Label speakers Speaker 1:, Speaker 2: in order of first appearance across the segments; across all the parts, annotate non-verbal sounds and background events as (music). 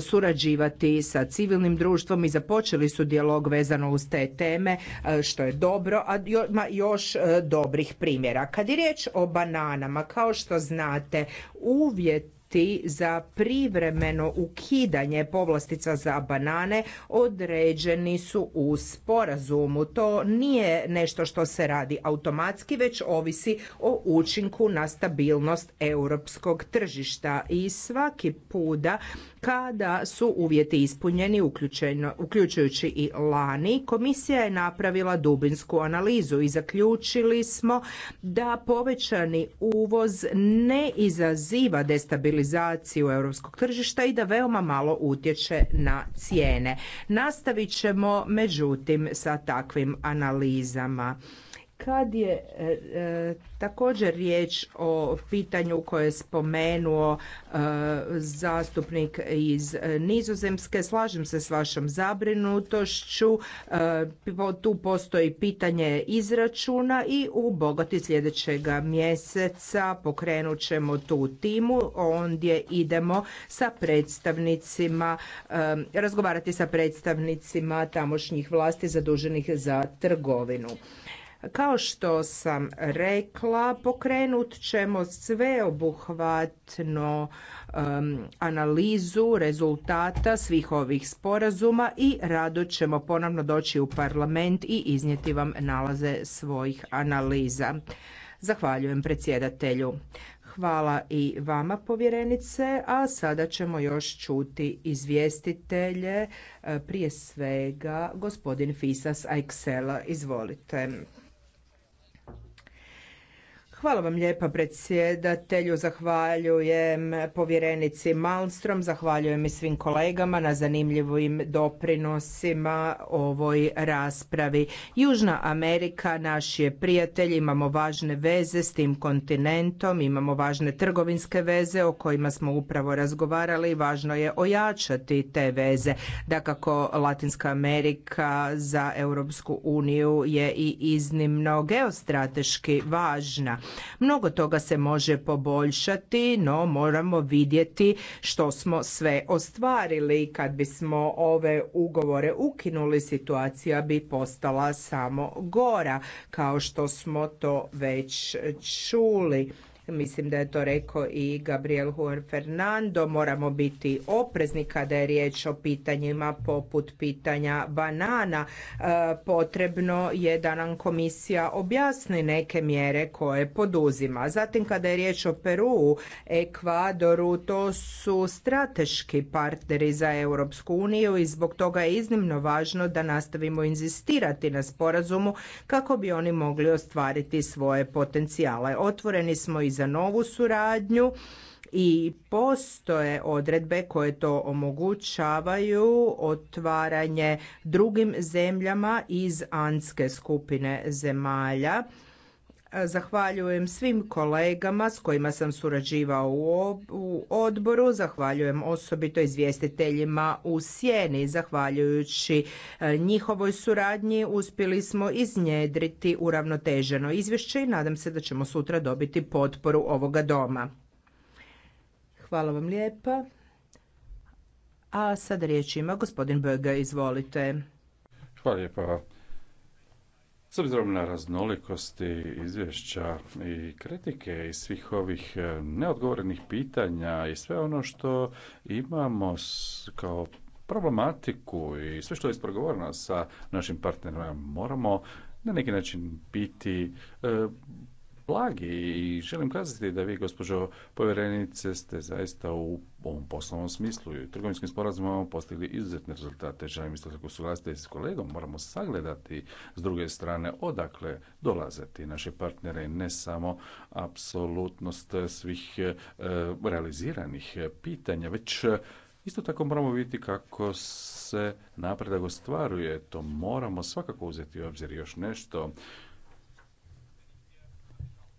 Speaker 1: surađivati sa civilnim društvom i započeli su dijalog vezano uz te teme, e, što je dobro, a ima još e, dobrih primjera. Kad je riječ o bananama, kao što znate, uvjet za privremeno ukidanje povlastica za banane određeni su u sporazumu. To nije nešto što se radi automatski, već ovisi o učinku na stabilnost europskog tržišta. I svaki puda kada su uvjeti ispunjeni, uključujući i lani, komisija je napravila dubinsku analizu i zaključili smo da povećani uvoz ne izaziva destabilizaciju u europskog tržišta i da veoma malo utječe na cijene. Nastavit ćemo međutim sa takvim analizama kad je e, e, također riječ o pitanju koje je spomenuo e, zastupnik iz Nizozemske, slažem se s vašom zabrinutošću. tu postoji pitanje izračuna i u bogati sljedećeg mjeseca pokrenut ćemo tu timu. Ondje idemo sa predstavnicima, razgovarati sa predstavnicima tamošnjih vlasti zaduženih za trgovinu. Kao što sam rekla, pokrenut ćemo sveobuhvatno analizu rezultata svih ovih sporazuma i rado ćemo ponovno doći u parlament i iznijeti vam nalaze svojih analiza. Zahvaljujem predsjedatelju. Hvala i vama povjerenice, a sada ćemo još čuti izvjestitelje, e, prije svega gospodin Fisas Aixela, izvolite. Hvala vam lijepa predsjedatelju, zahvaljujem povjerenici Malmstrom, zahvaljujem i svim kolegama na zanimljivim doprinosima ovoj raspravi. Južna Amerika naš je prijatelj, imamo važne veze s tim kontinentom, imamo važne trgovinske veze o kojima smo upravo razgovarali i važno je ojačati te veze. Dakako, Latinska Amerika za Europsku uniju je i iznimno geostrateški važna. Mnogo toga se može poboljšati, no moramo vidjeti što smo sve ostvarili. Kad bismo ove ugovore ukinuli, situacija bi postala samo gora, kao što smo to već čuli. Mislim da je to rekao i Gabriel Juan Fernando. Moramo biti oprezni kada je riječ o pitanjima poput pitanja banana. E, potrebno je da nam komisija objasni neke mjere koje poduzima. Zatim kada je riječ o Peru, Ekvadoru, to su strateški partneri za Europsku uniju i zbog toga je iznimno važno da nastavimo inzistirati na sporazumu kako bi oni mogli ostvariti svoje potencijale. Otvoreni smo i za novu suradnju i postoje odredbe koje to omogućavaju otvaranje drugim zemljama iz anske skupine zemalja Zahvaljujem svim kolegama s kojima sam surađivao u odboru, zahvaljujem osobito izvjestiteljima u sjeni. Zahvaljujući e, njihovoj suradnji uspjeli smo iznjedriti uravnoteženo izvješće i nadam se da ćemo sutra dobiti potporu ovoga doma. Hvala vam lijepa. A sad riječ ima gospodin Böge, izvolite.
Speaker 2: Hvala lijepa s obzirom na raznolikosti izvješća i kritike i svih ovih e, neodgovorenih pitanja i sve ono što imamo kao problematiku i sve što je isprogovoreno sa našim partnerima moramo na neki način biti e, blagi i želim kazati da vi, gospođo povjerenice, ste zaista u ovom poslovnom smislu i trgovinskim sporazumom postigli izuzetne rezultate. Želim isto tako suglasiti s kolegom, moramo sagledati s druge strane odakle dolaze ti naši partnere, ne samo apsolutnost svih e, realiziranih pitanja, već e, Isto tako moramo vidjeti kako se napredak ostvaruje, to moramo svakako uzeti u obzir još nešto.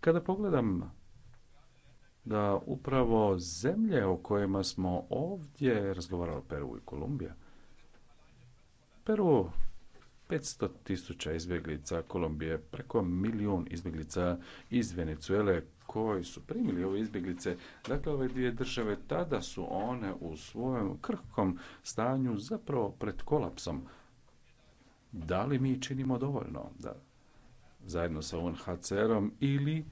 Speaker 2: Kada pogledam da upravo zemlje o kojima smo ovdje razgovarali, Peru i Kolumbija, Peru 500 tisuća izbjeglica, Kolumbije preko milijun izbjeglica iz Venezuele koji su primili ove izbjeglice. Dakle, ove dvije države tada su one u svojem krhkom stanju zapravo pred kolapsom. Da li mi činimo dovoljno da zajedno sa UNHCR-om ili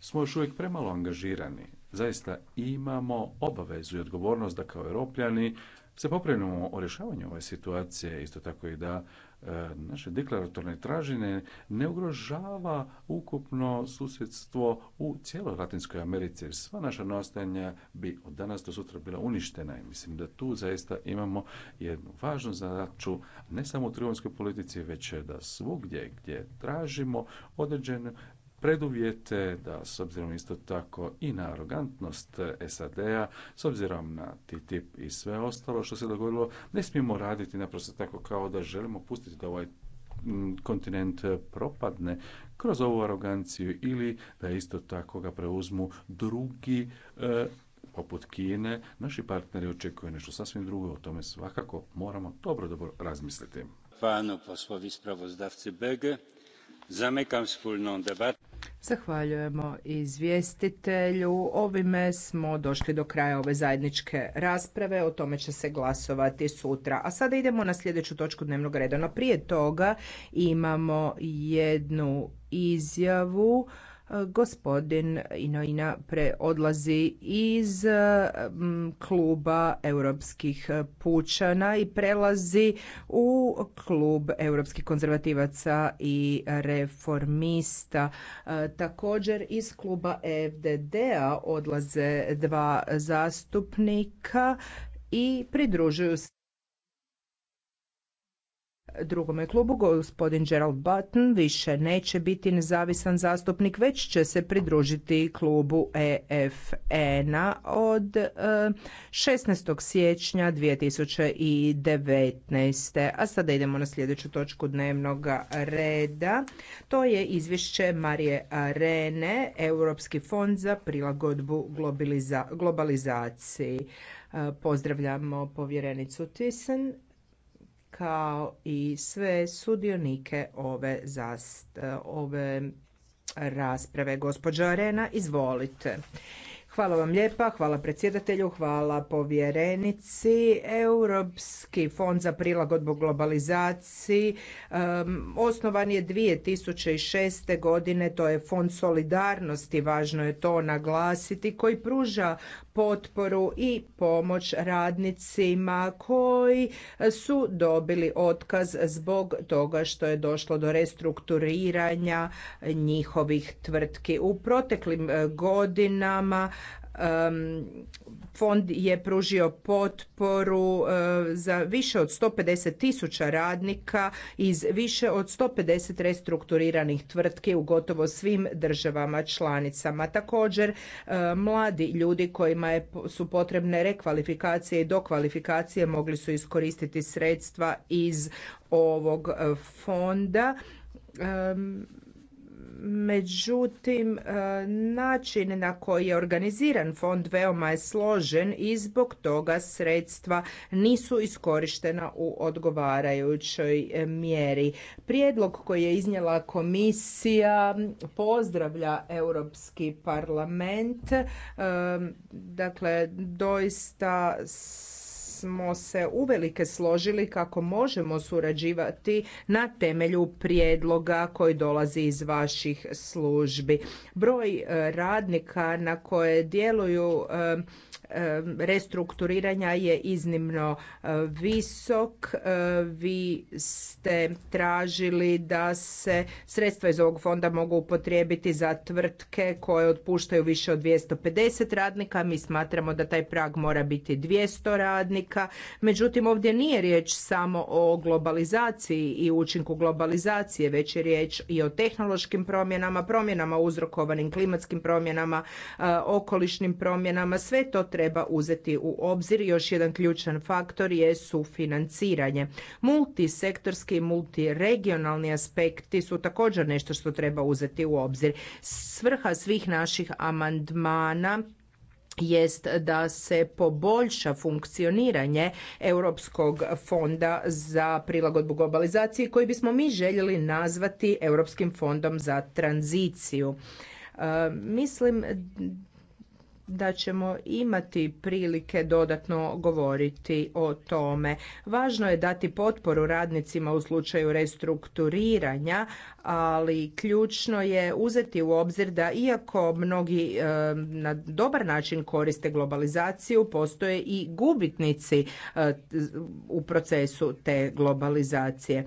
Speaker 2: smo još uvijek premalo angažirani. Zaista imamo obavezu i odgovornost da kao europljani se poprinemo o rješavanju ove situacije, isto tako i da e, naše deklaratorne tražine ne ugrožava ukupno susjedstvo u cijeloj Latinskoj Americi, jer sva naša nastojanja bi od danas do sutra bila uništena i mislim da tu zaista imamo jednu važnu zadaću, ne samo u trgovinskoj politici, već da svugdje gdje tražimo određenu preduvjete da s obzirom isto tako i na arogantnost SAD-a, s obzirom na TTIP i sve ostalo što se dogodilo, ne smijemo raditi naprosto tako kao da želimo pustiti da ovaj kontinent propadne kroz ovu aroganciju ili da isto tako ga preuzmu drugi e, poput Kine. Naši partneri očekuju nešto sasvim drugo, o tome svakako moramo dobro dobro razmisliti. Panu poslovi spravozdavci Bege, zamykam wspólną debatu.
Speaker 1: Zahvaljujemo izvjestitelju. Ovime smo došli do kraja ove zajedničke rasprave. O tome će se glasovati sutra. A sada idemo na sljedeću točku dnevnog reda. No prije toga imamo jednu izjavu gospodin Inoina preodlazi iz kluba europskih pučana i prelazi u klub europskih konzervativaca i reformista. E, također iz kluba FDD-a odlaze dva zastupnika i pridružuju se drugome klubu gospodin Gerald Button više neće biti nezavisan zastupnik već će se pridružiti klubu EFN-a od 16. E, siječnja 2019. A sada idemo na sljedeću točku dnevnog reda. To je izvješće Marije Rene, Europski fond za prilagodbu globalizaciji. E, pozdravljamo povjerenicu Thyssen kao i sve sudionike ove, ove rasprave. Gospođa Arena, izvolite. Hvala vam lijepa, hvala predsjedatelju, hvala povjerenici. Europski fond za prilagodbu globalizaciji osnovan je 2006. godine, to je fond solidarnosti, važno je to naglasiti, koji pruža potporu i pomoć radnicima koji su dobili otkaz zbog toga što je došlo do restrukturiranja njihovih tvrtki. U proteklim eh, godinama Fond je pružio potporu e, za više od 150 tisuća radnika iz više od 150 restrukturiranih tvrtki u gotovo svim državama članicama. Također, e, mladi ljudi kojima je, su potrebne rekvalifikacije i dokvalifikacije mogli su iskoristiti sredstva iz ovog e, fonda. Međutim, e, način na koji je organiziran fond veoma je složen i zbog toga sredstva nisu iskorištena u odgovarajućoj e, mjeri. Prijedlog koji je iznijela komisija pozdravlja Europski parlament. E, dakle, doista smo se uvelike složili kako možemo surađivati na temelju prijedloga koji dolazi iz vaših službi. Broj eh, radnika na koje djeluju eh, restrukturiranja je iznimno e, visok. E, vi ste tražili da se sredstva iz ovog fonda mogu upotrijebiti za tvrtke koje otpuštaju više od 250 radnika. Mi smatramo da taj prag mora biti 200 radnika. Međutim, ovdje nije riječ samo o globalizaciji i učinku globalizacije, već je riječ i o tehnološkim promjenama, promjenama uzrokovanim klimatskim promjenama, e, okolišnim promjenama. Sve to treba treba uzeti u obzir. Još jedan ključan faktor je sufinanciranje. Multisektorski i multiregionalni aspekti su također nešto što treba uzeti u obzir. Svrha svih naših amandmana jest da se poboljša funkcioniranje Europskog fonda za prilagodbu globalizaciji koji bismo mi željeli nazvati Europskim fondom za tranziciju. E, mislim da ćemo imati prilike dodatno govoriti o tome. Važno je dati potporu radnicima u slučaju restrukturiranja, ali ključno je uzeti u obzir da iako mnogi e, na dobar način koriste globalizaciju, postoje i gubitnici e, u procesu te globalizacije. E,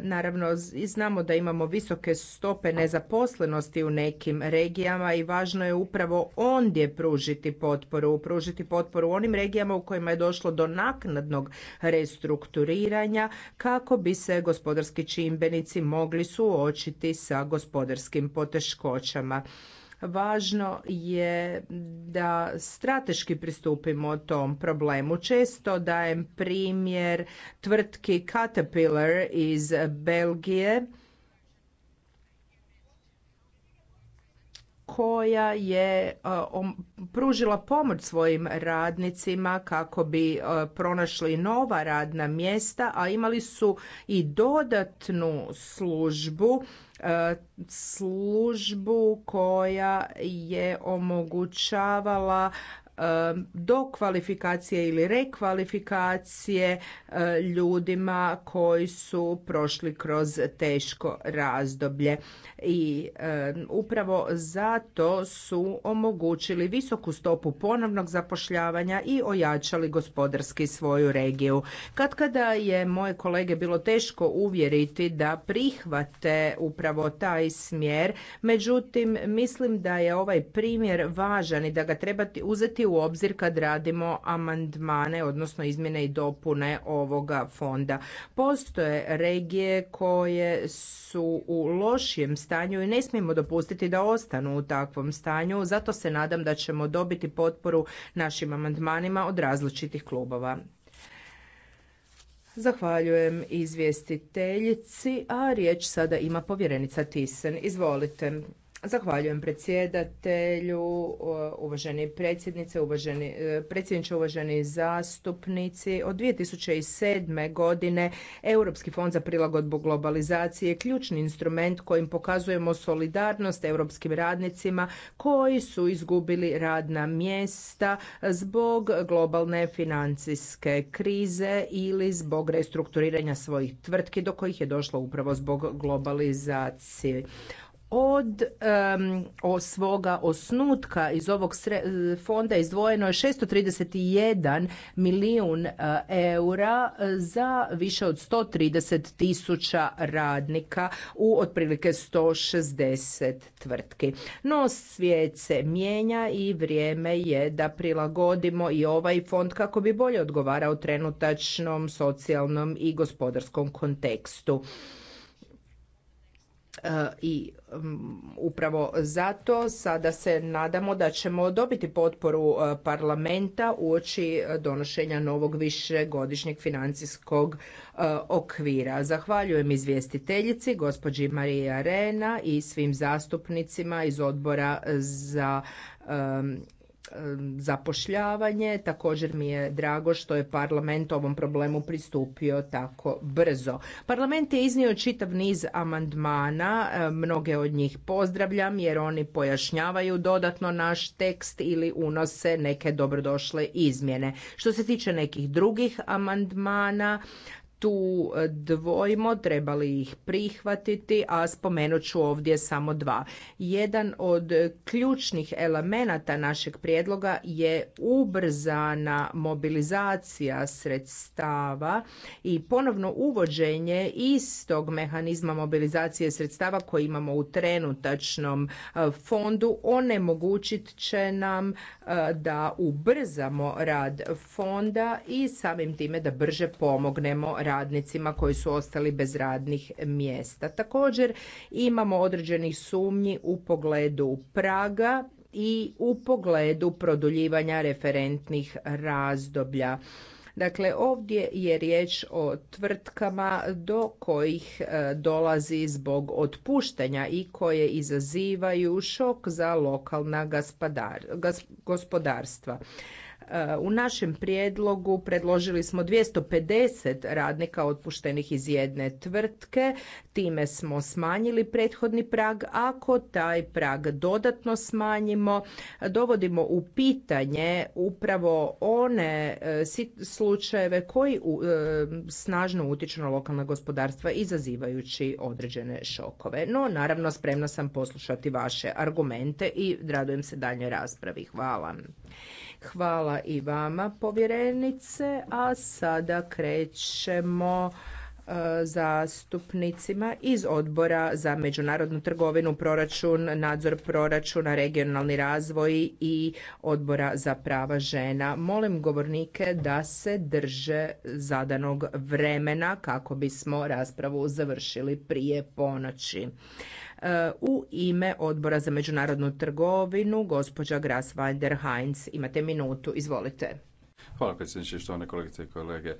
Speaker 1: naravno, znamo da imamo visoke stope nezaposlenosti u nekim regijama i važno je upravo ondje pružiti pružiti potporu, pružiti potporu onim regijama u kojima je došlo do naknadnog restrukturiranja kako bi se gospodarski čimbenici mogli suočiti sa gospodarskim poteškoćama važno je da strateški pristupimo tom problemu. Često dajem primjer tvrtki Caterpillar iz Belgije koja je e, pružila pomoć svojim radnicima kako bi e, pronašli nova radna mjesta, a imali su i dodatnu službu e, službu koja je omogućavala do kvalifikacije ili rekvalifikacije ljudima koji su prošli kroz teško razdoblje. I upravo zato su omogućili visoku stopu ponovnog zapošljavanja i ojačali gospodarski svoju regiju. Kad kada je moje kolege bilo teško uvjeriti da prihvate upravo taj smjer, međutim mislim da je ovaj primjer važan i da ga trebati uzeti u obzir kad radimo amandmane, odnosno izmjene i dopune ovoga fonda. Postoje regije koje su u lošijem stanju i ne smijemo dopustiti da ostanu u takvom stanju, zato se nadam da ćemo dobiti potporu našim amandmanima od različitih klubova. Zahvaljujem izvjestiteljici, a riječ sada ima povjerenica Tisen. Izvolite. Zahvaljujem predsjedatelju, uvaženi predsjednice, uvaženi, e, predsjedniče, uvaženi zastupnici. Od 2007. godine Europski fond za prilagodbu globalizacije je ključni instrument kojim pokazujemo solidarnost europskim radnicima koji su izgubili radna mjesta zbog globalne financijske krize ili zbog restrukturiranja svojih tvrtki do kojih je došlo upravo zbog globalizacije od od svoga osnutka iz ovog e, fonda izdvojeno je 631 milijun e, eura e, za više od 130 tisuća radnika u otprilike 160 tvrtki. No svijet se mijenja i vrijeme je da prilagodimo i ovaj fond kako bi bolje odgovarao trenutačnom socijalnom i gospodarskom kontekstu. E, i upravo zato sada se nadamo da ćemo dobiti potporu e, parlamenta u oči donošenja novog višegodišnjeg financijskog e, okvira. Zahvaljujem izvjestiteljici gospođi Marija Arena i svim zastupnicima iz odbora za zapošljavanje. Također mi je drago što je parlament ovom problemu pristupio tako brzo. Parlament je iznio čitav niz amandmana, mnoge od njih pozdravljam jer oni pojašnjavaju dodatno naš tekst ili unose neke dobrodošle izmjene. Što se tiče nekih drugih amandmana, tu e, dvojimo, trebali ih prihvatiti, a spomenut ću ovdje samo dva. Jedan od ključnih elemenata našeg prijedloga je ubrzana mobilizacija sredstava i ponovno uvođenje istog mehanizma mobilizacije sredstava koji imamo u trenutačnom e, fondu onemogućit će nam e, da ubrzamo rad fonda i samim time da brže pomognemo radnicima koji su ostali bez radnih mjesta. Također imamo određenih sumnji u pogledu praga i u pogledu produljivanja referentnih razdoblja. Dakle, ovdje je riječ o tvrtkama do kojih e, dolazi zbog otpuštanja i koje izazivaju šok za lokalna gospodarstva. U našem prijedlogu predložili smo 250 radnika otpuštenih iz jedne tvrtke, time smo smanjili prethodni prag. Ako taj prag dodatno smanjimo, dovodimo u pitanje upravo one e, slučajeve koji e, snažno utiču na lokalna gospodarstva izazivajući određene šokove. No, naravno, spremna sam poslušati vaše argumente i radujem se daljnjoj raspravi. Hvala. Hvala i vama povjerenice, a sada krećemo e, zastupnicima iz odbora za međunarodnu trgovinu, proračun, nadzor proračuna, regionalni razvoj i odbora za prava žena. Molim govornike da se drže zadanog vremena kako bismo raspravu završili prije ponoći. E, u ime Odbora za međunarodnu trgovinu, gospođa Gras Heinz. Imate minutu, izvolite.
Speaker 2: Hvala predsjedniče, štovane kolegice i kolege.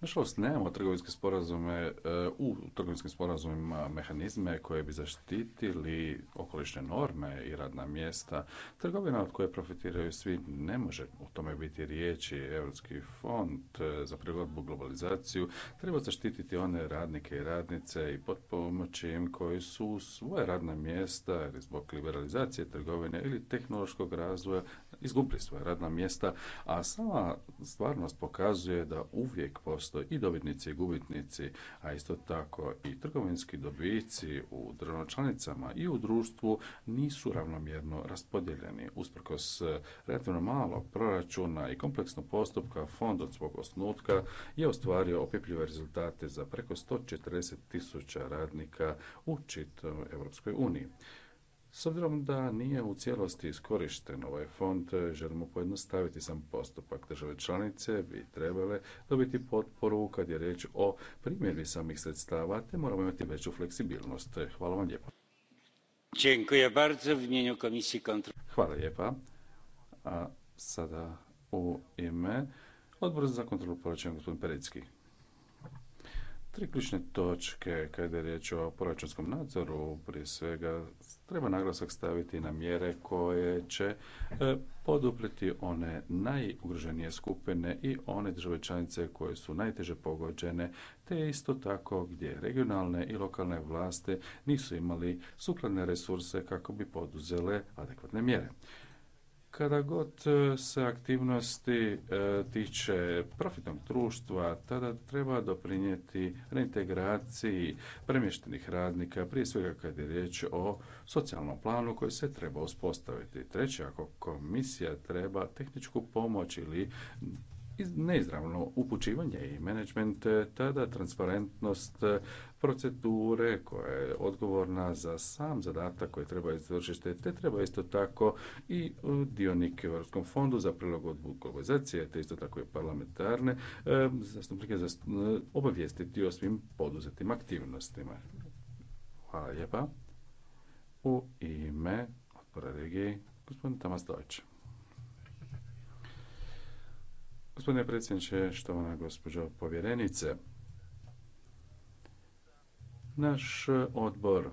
Speaker 2: Nažalost, nemamo trgovinske sporazume, e, u trgovinskim sporazumima mehanizme koje bi zaštitili okolišne norme i radna mjesta. Trgovina od koje profitiraju svi ne može u tome biti riječi. Europski fond e, za prilagodbu globalizaciju treba zaštititi one radnike i radnice i pod im koji su svoje radna mjesta ili zbog liberalizacije trgovine ili tehnološkog razvoja izgubili svoje radna mjesta, a sama stvarnost pokazuje da uvijek postoje i dobitnici i gubitnici, a isto tako i trgovinski dobici u članicama i u društvu nisu ravnomjerno raspodijeljeni. Usprkos eh, relativno malog proračuna i kompleksnog postupka, fond od svog osnutka je ostvario opipljive rezultate za preko 140 tisuća radnika u čitavoj Europskoj uniji. S obzirom da nije u cijelosti iskorišten ovaj fond, želimo pojednostaviti sam postupak. Države članice bi trebale dobiti potporu kad je riječ o primjeri samih sredstava, te moramo imati veću fleksibilnost. Hvala vam lijepo. Hvala lijepa. A sada u ime Odbora za kontrolu proračuna gospodin Perecki. Tri ključne točke kada je riječ o proračunskom nadzoru, prije svega treba naglasak staviti na mjere koje će e, poduprijeti one najugroženije skupine i one države članice koje su najteže pogođene, te isto tako gdje regionalne i lokalne vlasti nisu imali sukladne resurse kako bi poduzele adekvatne mjere. Kada god e, se aktivnosti e, tiče profitnog društva, tada treba doprinijeti reintegraciji premještenih radnika, prije svega kad je riječ o socijalnom planu koji se treba uspostaviti. Treće, ako komisija treba tehničku pomoć ili neizravno upućivanje i management, e, tada transparentnost e, procedure koja je odgovorna za sam zadatak koji treba izvršiti, te treba isto tako i e, dionike u Europskom fondu za prilagodbu globalizacije, te isto tako i parlamentarne zastupnike obavijestiti o svim poduzetim aktivnostima. Hvala lijepa. U ime odbora regije, gospodin Tamas Dojče. Gospodine predsjedniče, štovana gospođo povjerenice, naš odbor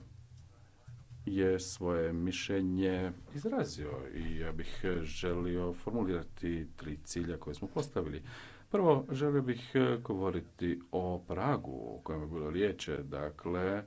Speaker 2: je svoje mišljenje izrazio i ja bih želio formulirati tri cilja koje smo postavili. Prvo, želio bih govoriti o pragu o kojem je bilo riječ, dakle,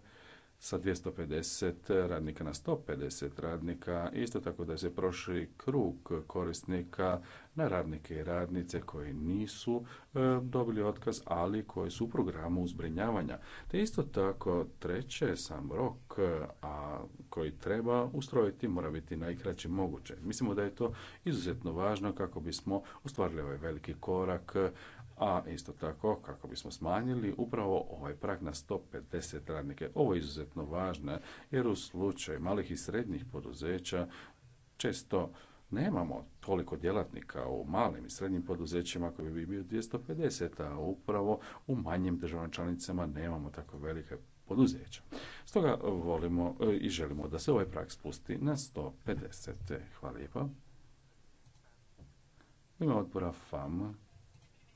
Speaker 2: sa 250 radnika na 150 radnika, isto tako da se proširi krug korisnika na radnike i radnice koji nisu e, dobili otkaz, ali koji su u programu uzbrinjavanja. Te isto tako treće sam rok, e, a koji treba ustrojiti mora biti najkraće moguće. Mislimo da je to izuzetno važno kako bismo ostvarili ovaj veliki korak a isto tako kako bismo smanjili upravo ovaj prag na 150 radnike. Ovo je izuzetno važno jer u slučaju malih i srednjih poduzeća često nemamo toliko djelatnika u malim i srednjim poduzećima koji bi bio 250, a upravo u manjim državnim članicama nemamo tako velike poduzeća. Stoga volimo e, i želimo da se ovaj prag spusti na 150. Hvala lijepa. Ima odbora FAM.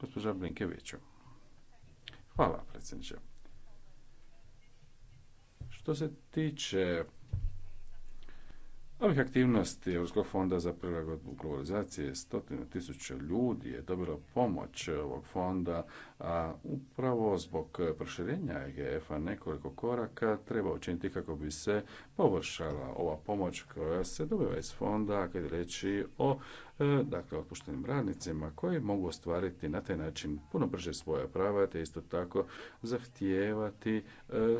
Speaker 2: Gospođa Blinkeviću. Hvala, predsjedniče. Što se tiče Ovih aktivnosti Europskog fonda za prilagodbu globalizacije stotinu tisuća ljudi je dobila pomoć ovog fonda, a upravo zbog proširenja EGF-a nekoliko koraka treba učiniti kako bi se površala ova pomoć koja se dobiva iz fonda kad je reći o e, dakle otpuštenim radnicima koji mogu ostvariti na taj način puno brže svoje prava te isto tako zahtijevati e,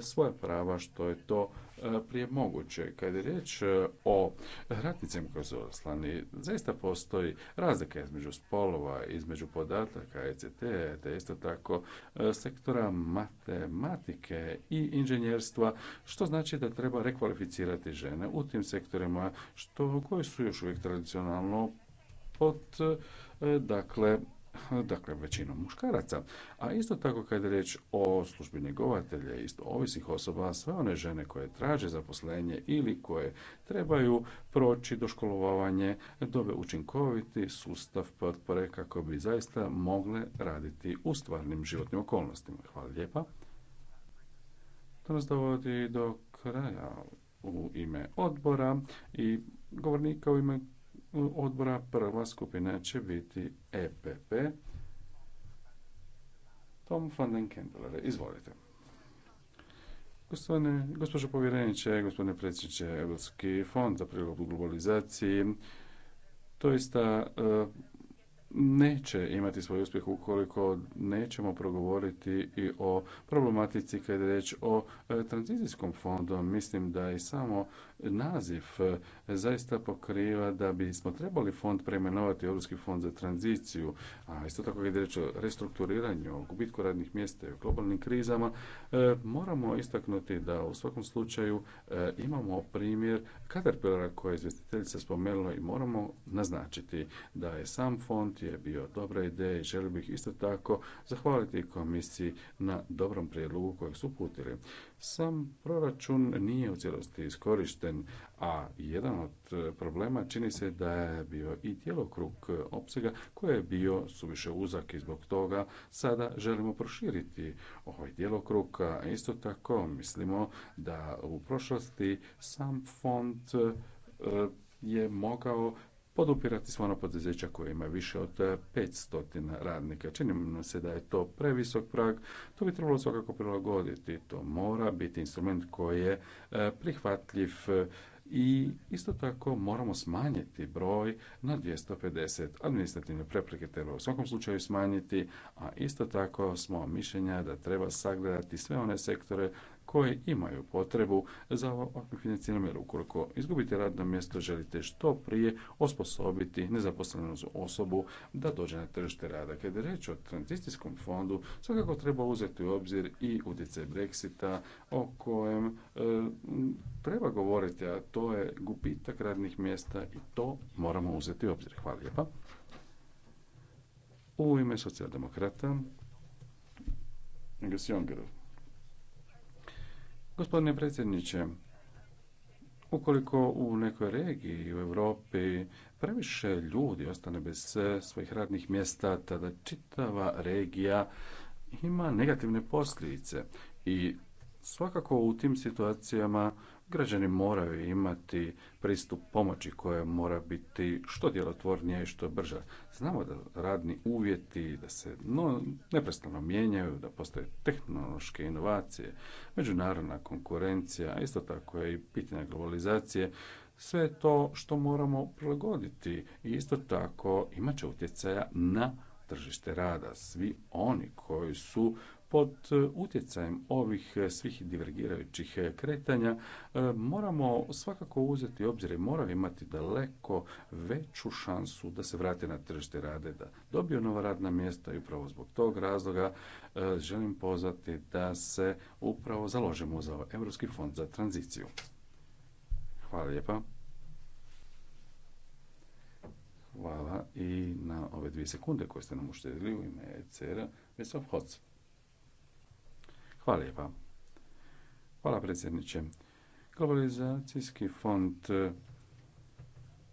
Speaker 2: svoja prava što je to E, prije moguće. Kad je riječ e, o ratnicima koji su oslani, zaista postoji razlika između spolova, između podataka ECT, te isto tako e, sektora matematike i inženjerstva, što znači da treba rekvalificirati žene u tim sektorima što, koji su još uvijek tradicionalno pod dakle dakle većinom muškaraca. A isto tako kad je riječ o službi njegovatelja, isto ovisnih osoba, sve one žene koje traže zaposlenje ili koje trebaju proći doškolovanje, dobe učinkoviti sustav potpore kako bi zaista mogle raditi u stvarnim životnim okolnostima. Hvala lijepa. To nas dovodi do kraja u ime odbora i govornika u ime odbora. Prva skupina će biti EPP. Tom van den izvolite. gospođo povjereniče, gospodine predsjedniče Europski fond za prilagodbu globalizaciji, doista e, neće imati svoj uspjeh ukoliko nećemo progovoriti i o problematici kada je riječ o e, tranzicijskom fondu. Mislim da i samo naziv e, zaista pokriva da bismo trebali fond preimenovati Europski fond za tranziciju, a isto tako kada je riječ o restrukturiranju, o gubitku radnih mjesta i o globalnim krizama, e, moramo istaknuti da u svakom slučaju imamo primjer Caterpillara koje je izvjestiteljica spomenula i moramo naznačiti da je sam fond je bio dobra ideja i želio bih isto tako zahvaliti komisiji na dobrom prijedlogu kojeg su uputili. Sam proračun nije u cijelosti iskorišten, a jedan od e, problema čini se da je bio i djelokrug opsega koji je bio suviše uzak i zbog toga sada želimo proširiti ovaj djelokrug. Isto tako mislimo da u prošlosti sam fond e, je mogao podupirati sva ona poduzeća koja ima više od 500 e, radnika. Čini se da je to previsok prag, to bi trebalo svakako prilagoditi. To mora biti instrument koji je e, prihvatljiv e, i isto tako moramo smanjiti broj na 250 administrativne prepreke treba u svakom slučaju smanjiti, a isto tako smo mišljenja da treba sagledati sve one sektore koje imaju potrebu za ovakvim jer ukoliko izgubite radno mjesto želite što prije osposobiti nezaposlenu osobu da dođe na tržište rada. Kada je reč o tranzicijskom fondu, svakako treba uzeti u obzir i utjecaj Brexita o kojem e, treba govoriti, a to je gubitak radnih mjesta i to moramo uzeti u obzir. Hvala lijepa. U ime socijaldemokrata, Jongerov. Gospodine predsjedniče, ukoliko u nekoj regiji u Europi previše ljudi ostane bez e, svojih radnih mjesta, tada čitava regija ima negativne posljedice i svakako u tim situacijama Građani moraju imati pristup pomoći koja mora biti što djelotvornija i što brža. Znamo da radni uvjeti, da se neprestano mijenjaju, da postoje tehnološke inovacije, međunarodna konkurencija, isto tako je i pitanje globalizacije, sve to što moramo prilagoditi i isto tako imat će utjecaja na tržište rada. Svi oni koji su pod e, utjecajem ovih e, svih divergirajućih e, kretanja moramo svakako uzeti obzir i moraju imati daleko veću šansu da se vrate na tržište rade, da dobiju nova radna mjesta i upravo zbog tog razloga želim pozvati da se upravo založimo za ovaj Europski fond za tranziciju. Hvala lijepa. Hvala i na ove dvije sekunde koje ste nam uštedili u ime ECR-a. Vesov Hvala lijepa. Hvala predsjedniče. Globalizacijski fond e,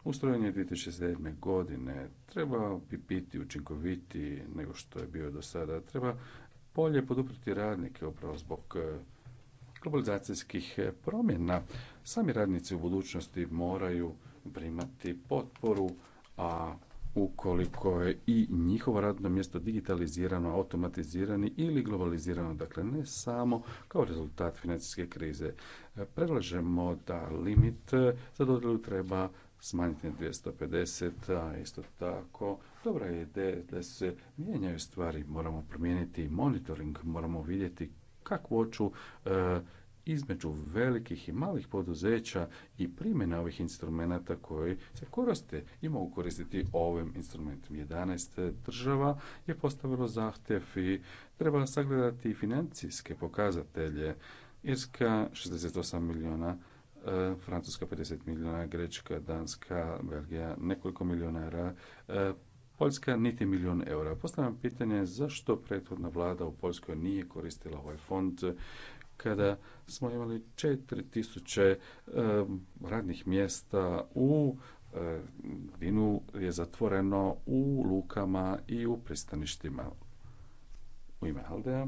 Speaker 2: ustrojen je 2007. godine. Treba bi biti učinkovitiji nego što je bio do sada. Treba bolje podupriti radnike upravo zbog e, globalizacijskih e, promjena. Sami radnici u budućnosti moraju primati potporu, a ukoliko je i njihovo radno mjesto digitalizirano, automatizirani ili globalizirano, dakle ne samo kao rezultat financijske krize. Predlažemo da limit za dodjelu treba smanjiti na 250, a isto tako dobra je ideja da se mijenjaju stvari, moramo promijeniti monitoring, moramo vidjeti kakvoću e, između velikih i malih poduzeća i primjena ovih instrumenata koji se koriste i mogu koristiti ovim instrumentom. 11 država je postavilo zahtjev i treba sagledati financijske pokazatelje. Irska 68 milijuna e, Francuska 50 milijuna, Grečka, Danska, Belgija nekoliko milionara, e, Poljska niti milijun eura. Postavljam pitanje zašto prethodna vlada u Poljskoj nije koristila ovaj fond kada smo imali 4000 e, radnih mjesta u Dinu e, je zatvoreno u lukama i u pristaništima. U ime Aldea,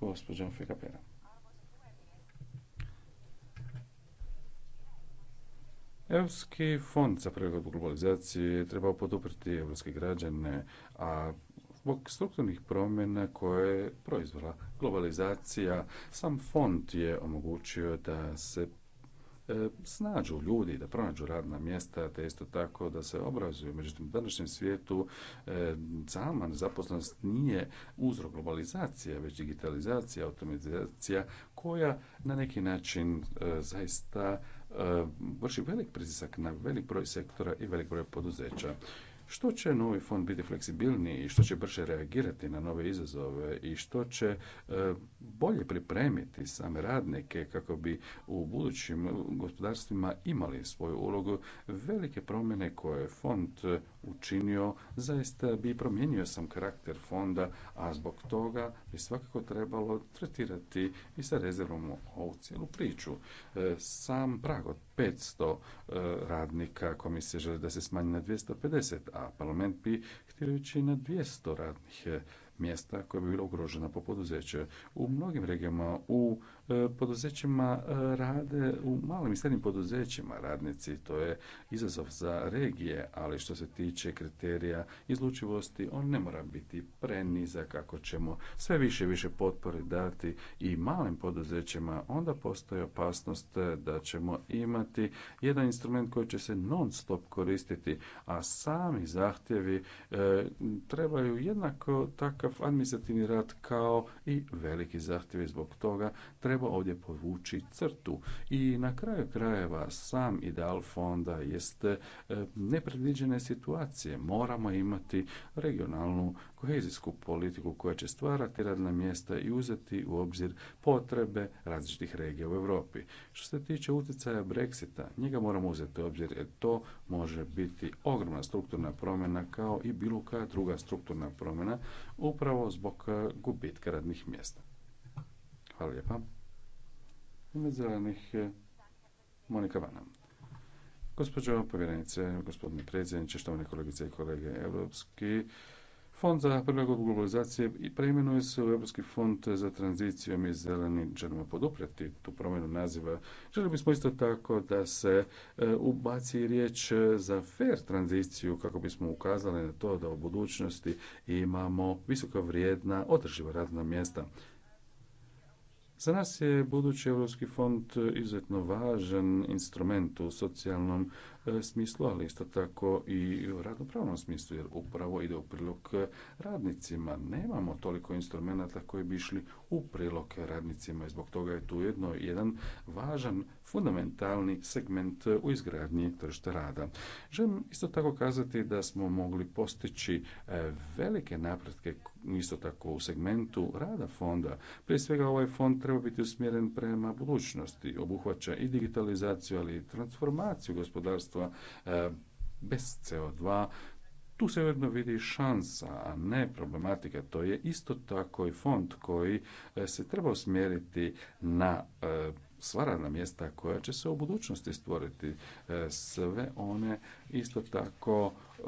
Speaker 2: gospođa Fekapena. Europski fond za prilagodbu je trebao podupriti europske građane, a zbog strukturnih promjena koje je proizvela globalizacija. Sam fond je omogućio da se e, snađu ljudi, da pronađu radna mjesta, te isto tako da se obrazuju. Međutim, u današnjem svijetu e, sama nezaposlenost nije uzrok globalizacija, već digitalizacija, automatizacija, koja na neki način e, zaista vrši velik pritisak na velik broj sektora i velik broj poduzeća. Što će novi fond biti fleksibilniji i što će brže reagirati na nove izazove i što će e, bolje pripremiti same radnike kako bi u budućim gospodarstvima imali svoju ulogu, velike promjene koje je fond e, učinio zaista bi promijenio sam karakter fonda, a zbog toga bi svakako trebalo tretirati i sa rezervom ovu cijelu priču. E, sam prag od 500 e, radnika, komisija želi da se smanji na 250, a parlament bi htio ići na 200 radnih e, mjesta koja bi bila ugrožena po poduzeće. U mnogim regijama u E, poduzećima e, rade u malim i srednjim poduzećima radnici. To je izazov za regije, ali što se tiče kriterija izlučivosti, on ne mora biti prenizak. kako ćemo sve više i više potpore dati i malim poduzećima, onda postoji opasnost da ćemo imati jedan instrument koji će se non stop koristiti, a sami zahtjevi e, trebaju jednako takav administrativni rad kao i veliki zahtjevi zbog toga treba ovdje povući crtu. I na kraju krajeva sam ideal fonda jeste nepredviđene situacije. Moramo imati regionalnu kohezijsku politiku koja će stvarati radna mjesta i uzeti u obzir potrebe različitih regija u Europi. Što se tiče utjecaja Brexita, njega moramo uzeti u obzir jer to može biti ogromna strukturna promjena kao i bilo koja druga strukturna promjena upravo zbog e, gubitka radnih mjesta. Hvala lijepa ime zelenih Monika Gospođo povjerenice, gospodine predsjedniče, štovane kolegice i kolege, Europski Fond za prilagodbu globalizacije i preimenuje se u Europski fond za tranziciju. Mi zeleni želimo poduprijeti tu promjenu naziva. Želimo bismo isto tako da se e, ubaci riječ e, za fair tranziciju kako bismo ukazali na to da u budućnosti imamo visoka vrijedna održiva radna mjesta. Za nas je budući Europski fond izuzetno važan instrument u socijalnom E, smislu, ali isto tako i u radnopravnom smislu, jer upravo ide u prilog radnicima. Nemamo toliko instrumenta koji bi išli u prilog radnicima i zbog toga je tu jedno jedan važan fundamentalni segment u izgradnji tržišta rada. Želim isto tako kazati da smo mogli postići e, velike napretke isto tako u segmentu rada fonda. Prije svega ovaj fond treba biti usmjeren prema budućnosti, obuhvaća i digitalizaciju, ali i transformaciju gospodarstva gospodarstva e, bez CO2, tu se ujedno vidi šansa, a ne problematika. To je isto tako i fond koji e, se treba usmjeriti na e, sva radna mjesta koja će se u budućnosti stvoriti, e, sve one isto tako e,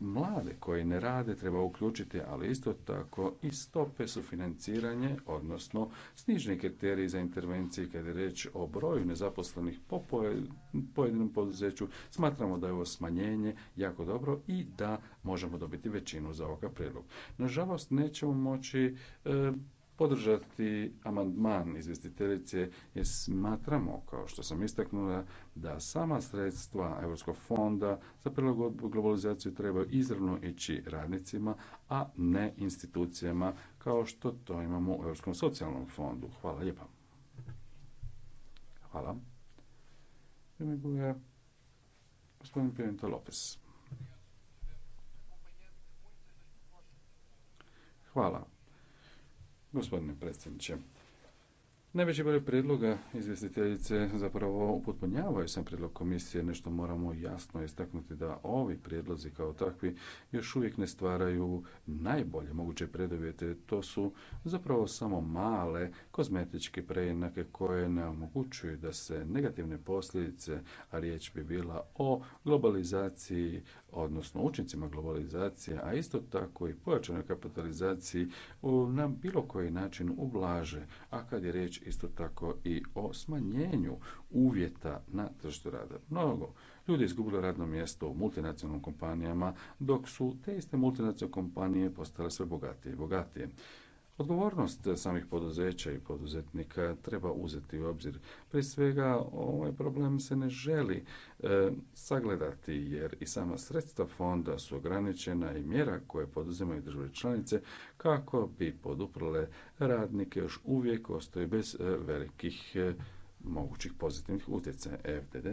Speaker 2: mlade koji ne rade treba uključiti, ali isto tako i stope su financiranje, odnosno snižni kriteriji za intervencije kada je riječ o broju nezaposlenih po pojedinom poduzeću. Smatramo da je ovo smanjenje jako dobro i da možemo dobiti većinu za ovakav prijedlog. Nažalost, nećemo moći e, podržati amandman izvjestiteljice jer smatramo, kao što sam istaknula, da sama sredstva Europskog fonda za prilagodbu globalizaciju trebaju izravno ići radnicima, a ne institucijama kao što to imamo u Europskom socijalnom fondu. Hvala lijepa. Hvala. Gospodin Pirinto Lopez. Hvala. Gospodine predsjedniče, Najveći broj predloga izvjestiteljice zapravo upotpunjavaju sam predlog komisije, nešto moramo jasno istaknuti da ovi prijedlozi kao takvi još uvijek ne stvaraju najbolje moguće preduvjete. To su zapravo samo male kozmetičke preinake koje ne omogućuju da se negativne posljedice, a riječ bi bila o globalizaciji, odnosno učincima globalizacije, a isto tako i pojačanoj kapitalizaciji na bilo koji način ublaže, a kad je riječ isto tako i o smanjenju uvjeta na tržištu rada. Mnogo ljudi izgubilo radno mjesto u multinacionalnim kompanijama, dok su te iste multinacionalne kompanije postale sve bogatije i bogatije. Odgovornost samih poduzeća i poduzetnika treba uzeti u obzir. Prije svega ovaj problem se ne želi e, sagledati jer i sama sredstva fonda su ograničena i mjera koje poduzimaju države članice kako bi poduprale radnike još uvijek ostaje bez e, velikih e, mogućih pozitivnih utjecaja. FDD,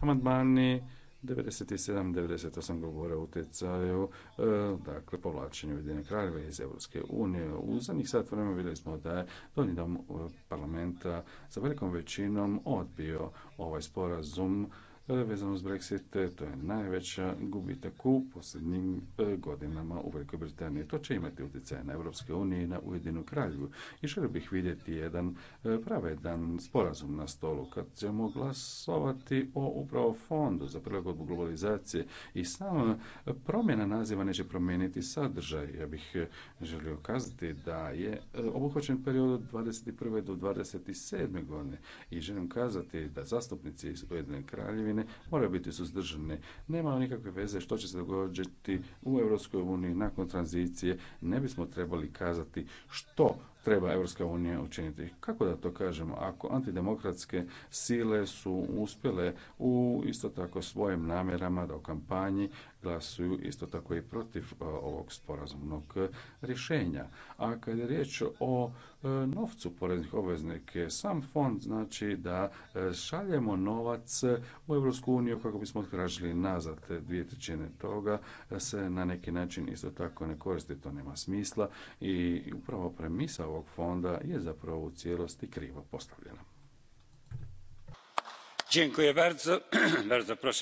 Speaker 2: Amandmani 97, 98 govore o utjecaju, e, dakle, povlačenju Ujedinjene kraljeve iz Europske unije. U zadnjih sat vremena vidjeli smo da je Donji dom e, parlamenta sa velikom većinom odbio ovaj sporazum vezano uz Brexit, to je najveća gubitak u posljednjim e, godinama u Velikoj Britaniji. To će imati utjecaj na Europske unije i na Ujedinu kralju. I želio bih vidjeti jedan e, pravedan sporazum na stolu kad ćemo glasovati o upravo fondu za prilagodbu globalizacije i sama promjena naziva neće promijeniti sadržaj. Ja bih e, želio kazati da je obuhvaćen period od 21. do 27. godine i želim kazati da zastupnici iz Ujedine kraljevine cijene moraju biti suzdržane. Nema nikakve veze što će se dogoditi u Europskoj uniji nakon tranzicije. Ne bismo trebali kazati što treba EU unija učiniti. Kako da to kažemo? Ako antidemokratske sile su uspjele u isto tako svojim namjerama da u kampanji glasuju isto tako i protiv e, ovog sporazumnog rješenja. A kad je riječ o e, novcu poreznih obveznike, sam fond znači da e, šaljemo novac u Europsku uniju kako bismo tražili nazad dvije trećine toga se na neki način isto tako ne koristi, to nema smisla i upravo premisa ovog fonda je zapravo u cijelosti krivo postavljena.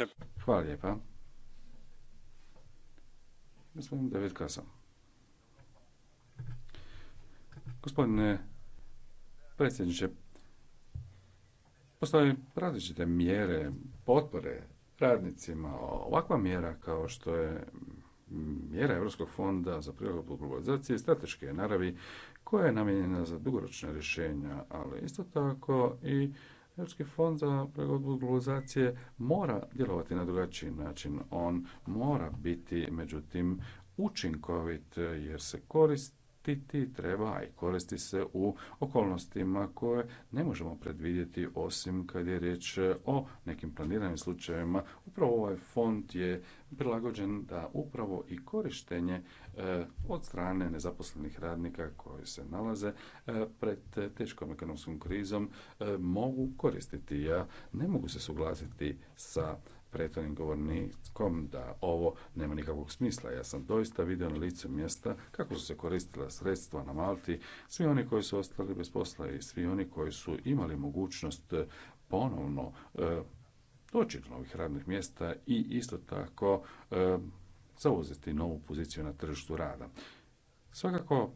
Speaker 2: (clears throat) Hvala lijepa. Gospodin Kasa. Gospodine predsjedniče, postoje različite mjere potpore radnicima. Ovakva mjera kao što je mjera Europskog fonda za prilagodbu globalizacije strateške naravi koja je namijenjena za dugoročna rješenja, ali isto tako i Europski fond za pregodbu globalizacije mora djelovati na drugačiji način. On mora biti, međutim, učinkovit jer se koristi štiti treba i koristi se u okolnostima koje ne možemo predvidjeti osim kad je riječ o nekim planiranim slučajevima. Upravo ovaj fond je prilagođen da upravo i korištenje e, od strane nezaposlenih radnika koji se nalaze e, pred teškom ekonomskom krizom e, mogu koristiti. Ja ne mogu se suglasiti sa prethodnim govornikom da ovo nema nikakvog smisla. Ja sam doista vidio na licu mjesta kako su se koristila sredstva na Malti, svi oni koji su ostali bez posla i svi oni koji su imali mogućnost ponovno e, doći do novih radnih mjesta i isto tako e, zauzeti novu poziciju na tržištu rada. Svakako,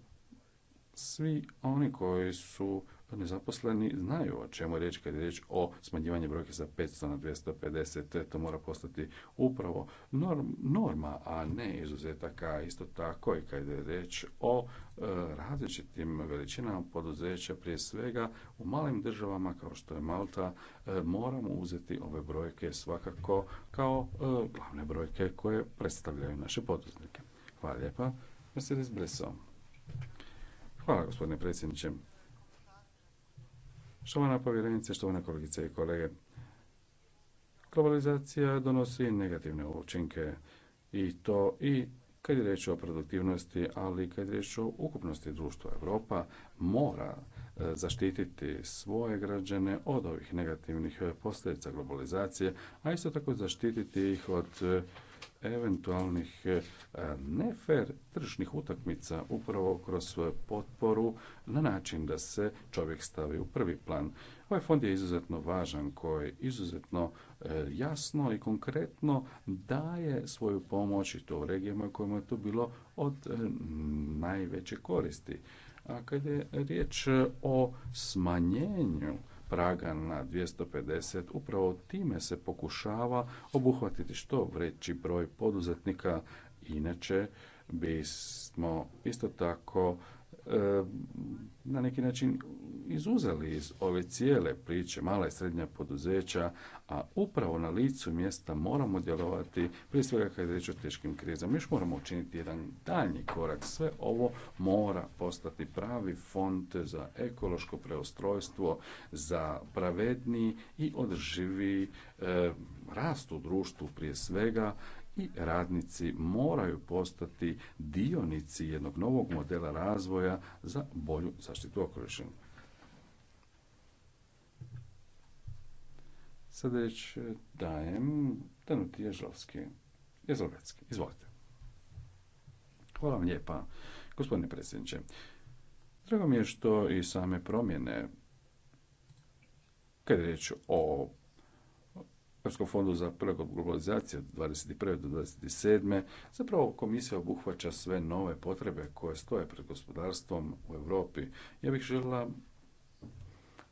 Speaker 2: svi oni koji su zaposleni znaju o čemu je riječ kad je riječ o smanjivanju brojke sa 500 na 250. To mora postati upravo norma, a ne izuzetaka. Isto tako i kad je riječ o e, različitim veličinama poduzeća, prije svega u malim državama kao što je Malta, e, moramo uzeti ove brojke svakako kao e, glavne brojke koje predstavljaju naše poduzetnike. Hvala lijepa. Mercedes Bresson. Hvala gospodine predsjedniče. Štovana povjerenice, štovane kolegice i kolege, globalizacija donosi negativne učinke i to i kad je riječ o produktivnosti, ali kad je riječ o ukupnosti društva. Europa mora e, zaštititi svoje građane od ovih negativnih posljedica globalizacije, a isto tako zaštititi ih od e, eventualnih e, nefer tržišnih utakmica upravo kroz potporu na način da se čovjek stavi u prvi plan. Ovaj fond je izuzetno važan koji izuzetno e, jasno i konkretno daje svoju pomoć i to u regijama kojima je to bilo od e, najveće koristi. A kad je riječ o smanjenju praga na 250. Upravo time se pokušava obuhvatiti što veći broj poduzetnika. Inače bismo isto tako E, na neki način izuzeli iz ove cijele priče mala i srednja poduzeća, a upravo na licu mjesta moramo djelovati, prije svega kad je riječ o teškim krizama. Još moramo učiniti jedan daljnji korak. Sve ovo mora postati pravi fond za ekološko preostrojstvo, za pravedniji i održivi e, rast u društvu prije svega radnici moraju postati dionici jednog novog modela razvoja za bolju zaštitu okoliša. Sada već e, dajem Danuti izvolite. Hvala vam lijepa, gospodine predsjedniče. Drago mi je što i same promjene kada je riječ o Europskom fondu za prvog globalizacije od 21. do 27. zapravo komisija obuhvaća sve nove potrebe koje stoje pred gospodarstvom u Europi. Ja bih željela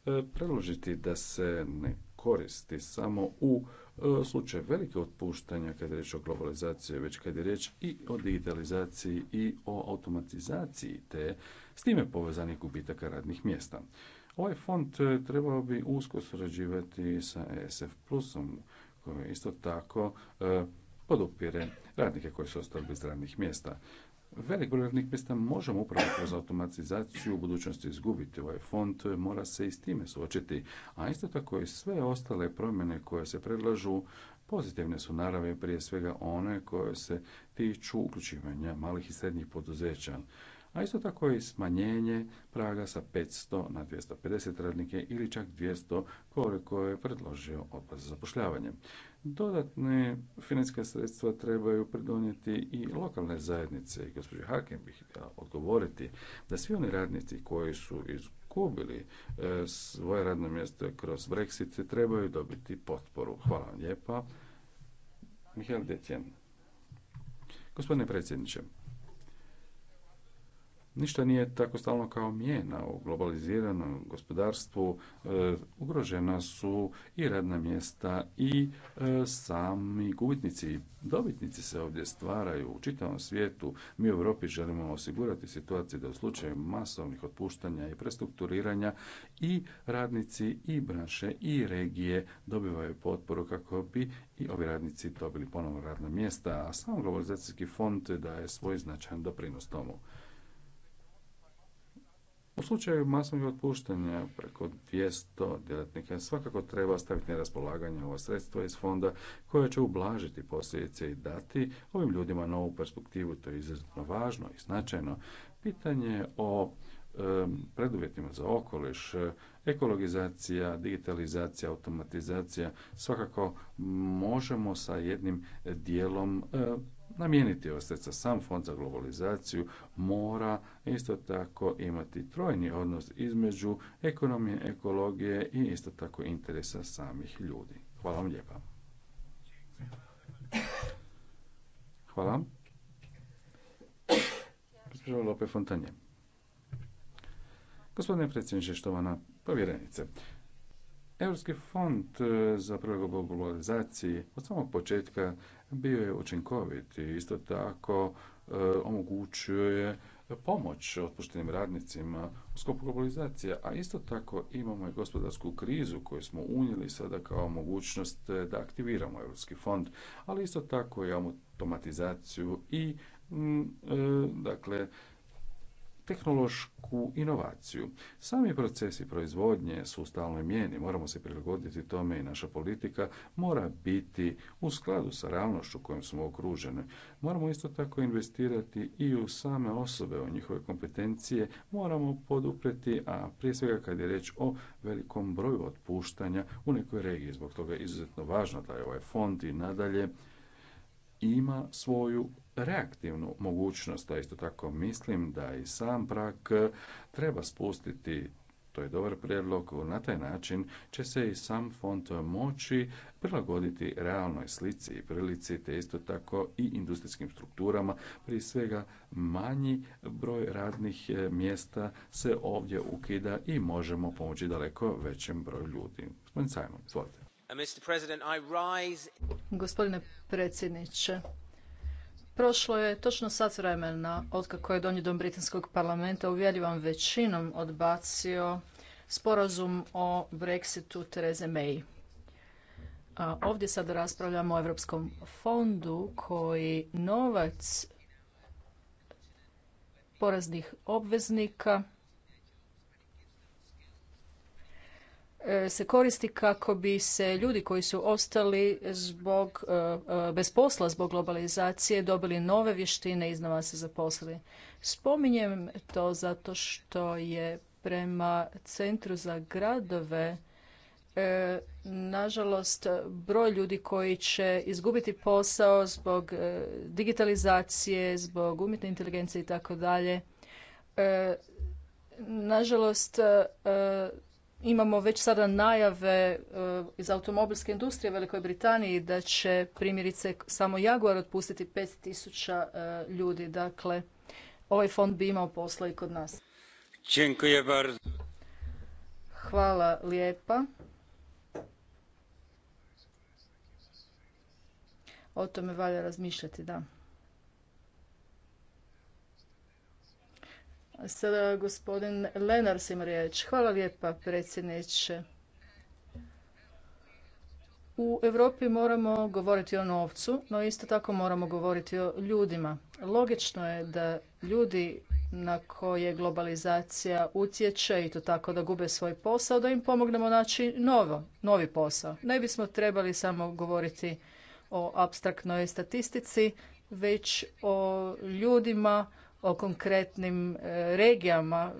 Speaker 2: e, predložiti da se ne koristi samo u e, slučaju velike otpuštanja kada je riječ o globalizaciji, već kada je riječ i o digitalizaciji i o automatizaciji te s time povezanih gubitaka radnih mjesta. Ovaj fond e, trebao bi usko surađivati sa ESF Plusom, koji isto tako e, podupire radnike koji su ostali bez radnih mjesta. Velik broj radnih mjesta možemo upravo kroz automatizaciju u budućnosti izgubiti. Ovaj fond mora se i s time suočiti, a isto tako i sve ostale promjene koje se predlažu Pozitivne su narave prije svega one koje se tiču uključivanja malih i srednjih poduzeća a isto tako i smanjenje praga sa 500 na 250 radnike ili čak 200 koliko je predložio odbor za zapošljavanje. Dodatne financijske sredstva trebaju pridonijeti i lokalne zajednice. I gospođo Haken bih htjela odgovoriti da svi oni radnici koji su izgubili e, svoje radno mjesto kroz Brexit trebaju dobiti potporu. Hvala vam lijepa. Detjen. Gospodine predsjedniče, Ništa nije tako stalno kao mjena u globaliziranom gospodarstvu. E, ugrožena su i radna mjesta i e, sami gubitnici. Dobitnici se ovdje stvaraju u čitavom svijetu. Mi u Europi želimo osigurati situaciju da u slučaju masovnih otpuštanja i prestrukturiranja i radnici i branše i regije dobivaju potporu kako bi i ovi radnici dobili ponovno radna mjesta, a sam globalizacijski fond daje svoj značajan doprinos tomu. U slučaju masnog otpuštanja preko 200 djelatnika svakako treba staviti na raspolaganje ova sredstva iz fonda koja će ublažiti posljedice i dati ovim ljudima novu perspektivu. To je izuzetno važno i značajno. Pitanje o preduvjetima za okoliš, ekologizacija, digitalizacija, automatizacija, svakako možemo sa jednim dijelom namijeniti ova sredstva. Sam fond za globalizaciju mora isto tako imati trojni odnos između ekonomije, ekologije i isto tako interesa samih ljudi. Hvala vam lijepa. Hvala. Gospodine predsjedniče, štovana povjerenice, Europski fond e, za prvog globalizaciji od samog početka bio je učinkovit i isto tako e, je pomoć otpuštenim radnicima u sklopu globalizacije, a isto tako imamo i gospodarsku krizu koju smo unijeli sada kao mogućnost e, da aktiviramo Europski fond, ali isto tako i automatizaciju i dakle tehnološku inovaciju. Sami procesi proizvodnje su u stalnoj mijeni, moramo se prilagoditi tome i naša politika mora biti u skladu sa realnošću kojom smo okruženi. Moramo isto tako investirati i u same osobe, u njihove kompetencije, moramo podupreti, a prije svega kad je riječ o velikom broju otpuštanja u nekoj regiji. Zbog toga je izuzetno važno da je ovaj fond i nadalje ima svoju reaktivnu mogućnost, a isto tako mislim da i sam prag eh, treba spustiti to je dobar prijedlog, na taj način će se i sam fond moći prilagoditi realnoj slici i prilici, te isto tako i industrijskim strukturama. Prije svega manji broj radnih eh, mjesta se ovdje ukida i možemo pomoći daleko većem broju ljudi. Gospodin Simon, izvolite.
Speaker 3: Uh, Gospodine predsjedniče, Prošlo je točno sat vremena otkako je donji dom Britanskog parlamenta uvjerljivom većinom odbacio sporazum o Brexitu Tereze May. A ovdje sad raspravljamo o Europskom fondu koji novac poreznih obveznika E, se koristi kako bi se ljudi koji su ostali zbog, e, e, bez posla zbog globalizacije dobili nove vještine i iznova se zaposlili. Spominjem to zato što je prema Centru za gradove nažalost broj ljudi koji će izgubiti posao zbog digitalizacije, zbog umjetne inteligencije i tako dalje nažalost Imamo već sada najave e, iz automobilske industrije u Velikoj Britaniji da će primjerice samo Jaguar otpustiti 5000 e, ljudi. Dakle, ovaj fond bi imao posla i kod nas. Hvala lijepa. O tome valja razmišljati, da. Sada gospodin Lenar ima riječ. Hvala lijepa predsjedniče. U Europi moramo govoriti o novcu, no isto tako moramo govoriti o ljudima. Logično je da ljudi na koje globalizacija utječe i to tako da gube svoj posao, da im pomognemo naći novo, novi posao. Ne bismo trebali samo govoriti o abstraktnoj statistici, već o ljudima o konkretnim e, regijama, e,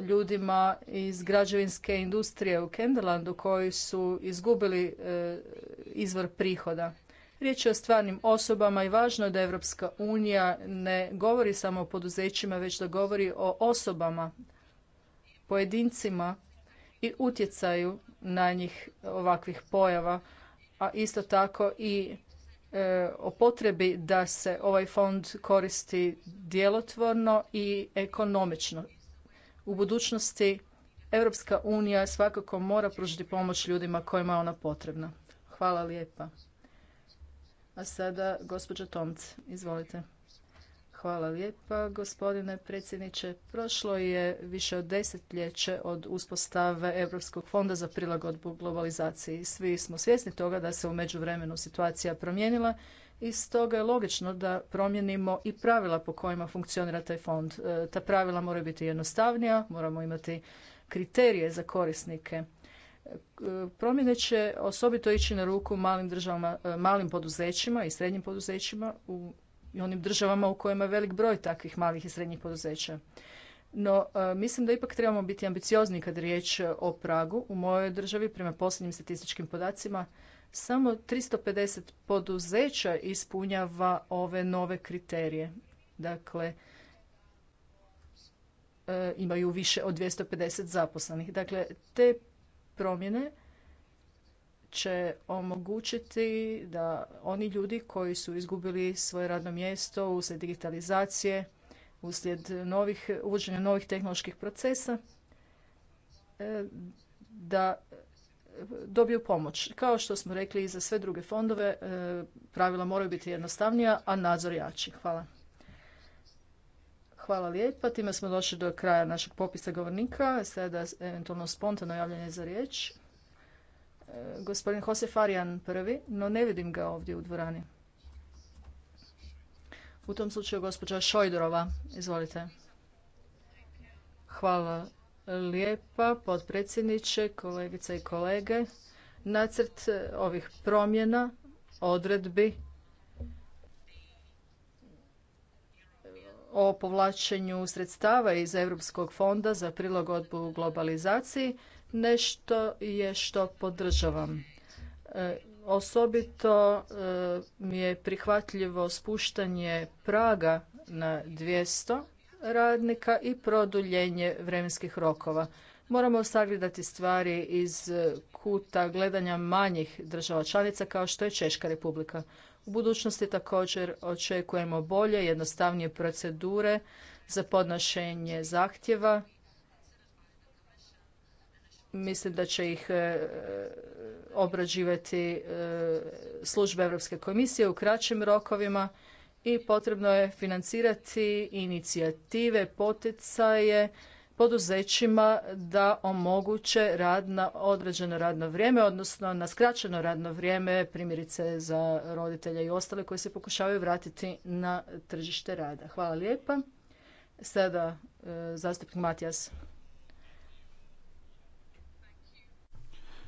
Speaker 3: ljudima iz građevinske industrije u Kenderlandu koji su izgubili e, izvor prihoda. Riječ je o stvarnim osobama i važno je da Evropska unija ne govori samo o poduzećima, već da govori o osobama, pojedincima i utjecaju na njih ovakvih pojava, a isto tako i E, o potrebi da se ovaj fond koristi djelotvorno i ekonomično. U budućnosti Europska unija svakako mora pružiti pomoć ljudima kojima je ona potrebna. Hvala lijepa. A sada gospođa Tomc, izvolite. Hvala lijepa, gospodine predsjedniče. Prošlo je više od desetljeće od uspostave Europskog fonda za prilagodbu globalizaciji. Svi smo svjesni toga da se u međuvremenu situacija promijenila i stoga je logično da promijenimo i pravila po kojima funkcionira taj fond. E, ta pravila moraju biti jednostavnija, moramo imati kriterije za korisnike. E, promjene će osobito ići na ruku malim državama, e, malim poduzećima i srednjim poduzećima u i onim državama u kojima je velik broj takvih malih i srednjih poduzeća. No, e, mislim da ipak trebamo biti ambiciozni kad je riječ o pragu. U mojoj državi, prema posljednjim statističkim podacima, samo 350 poduzeća ispunjava ove nove kriterije. Dakle, e, imaju više od 250 zaposlenih. Dakle, te promjene će omogućiti da oni ljudi koji su izgubili svoje radno mjesto uslijed digitalizacije, uslijed novih, uvođenja novih tehnoloških procesa, e, da dobiju pomoć. Kao što smo rekli i za sve druge fondove, e, pravila moraju biti jednostavnija, a nadzor jači. Hvala. Hvala lijepa. Time smo došli do kraja našeg popisa govornika. Sada eventualno spontano javljanje za riječ gospodin Jose Farijan prvi, no ne vidim ga ovdje u dvorani. U tom slučaju gospođa Šojdrova, izvolite. Hvala lijepa, potpredsjedniče, kolegice i kolege. Nacrt e, ovih promjena, odredbi o povlačenju sredstava iz Europskog fonda za prilagodbu globalizaciji nešto je što podržavam. E, osobito e, mi je prihvatljivo spuštanje praga na 200 radnika i produljenje vremenskih rokova. Moramo sagledati stvari iz kuta gledanja manjih država članica kao što je Češka republika. U budućnosti također očekujemo bolje, jednostavnije procedure za podnošenje zahtjeva mislim da će ih e, obrađivati e, službe Europske komisije u kraćim rokovima i potrebno je financirati inicijative, poticaje poduzećima da omoguće rad na određeno radno vrijeme, odnosno na skraćeno radno vrijeme, primjerice za roditelje i ostale koji se pokušavaju vratiti na tržište rada. Hvala lijepa. Sada e, zastupnik Matijas.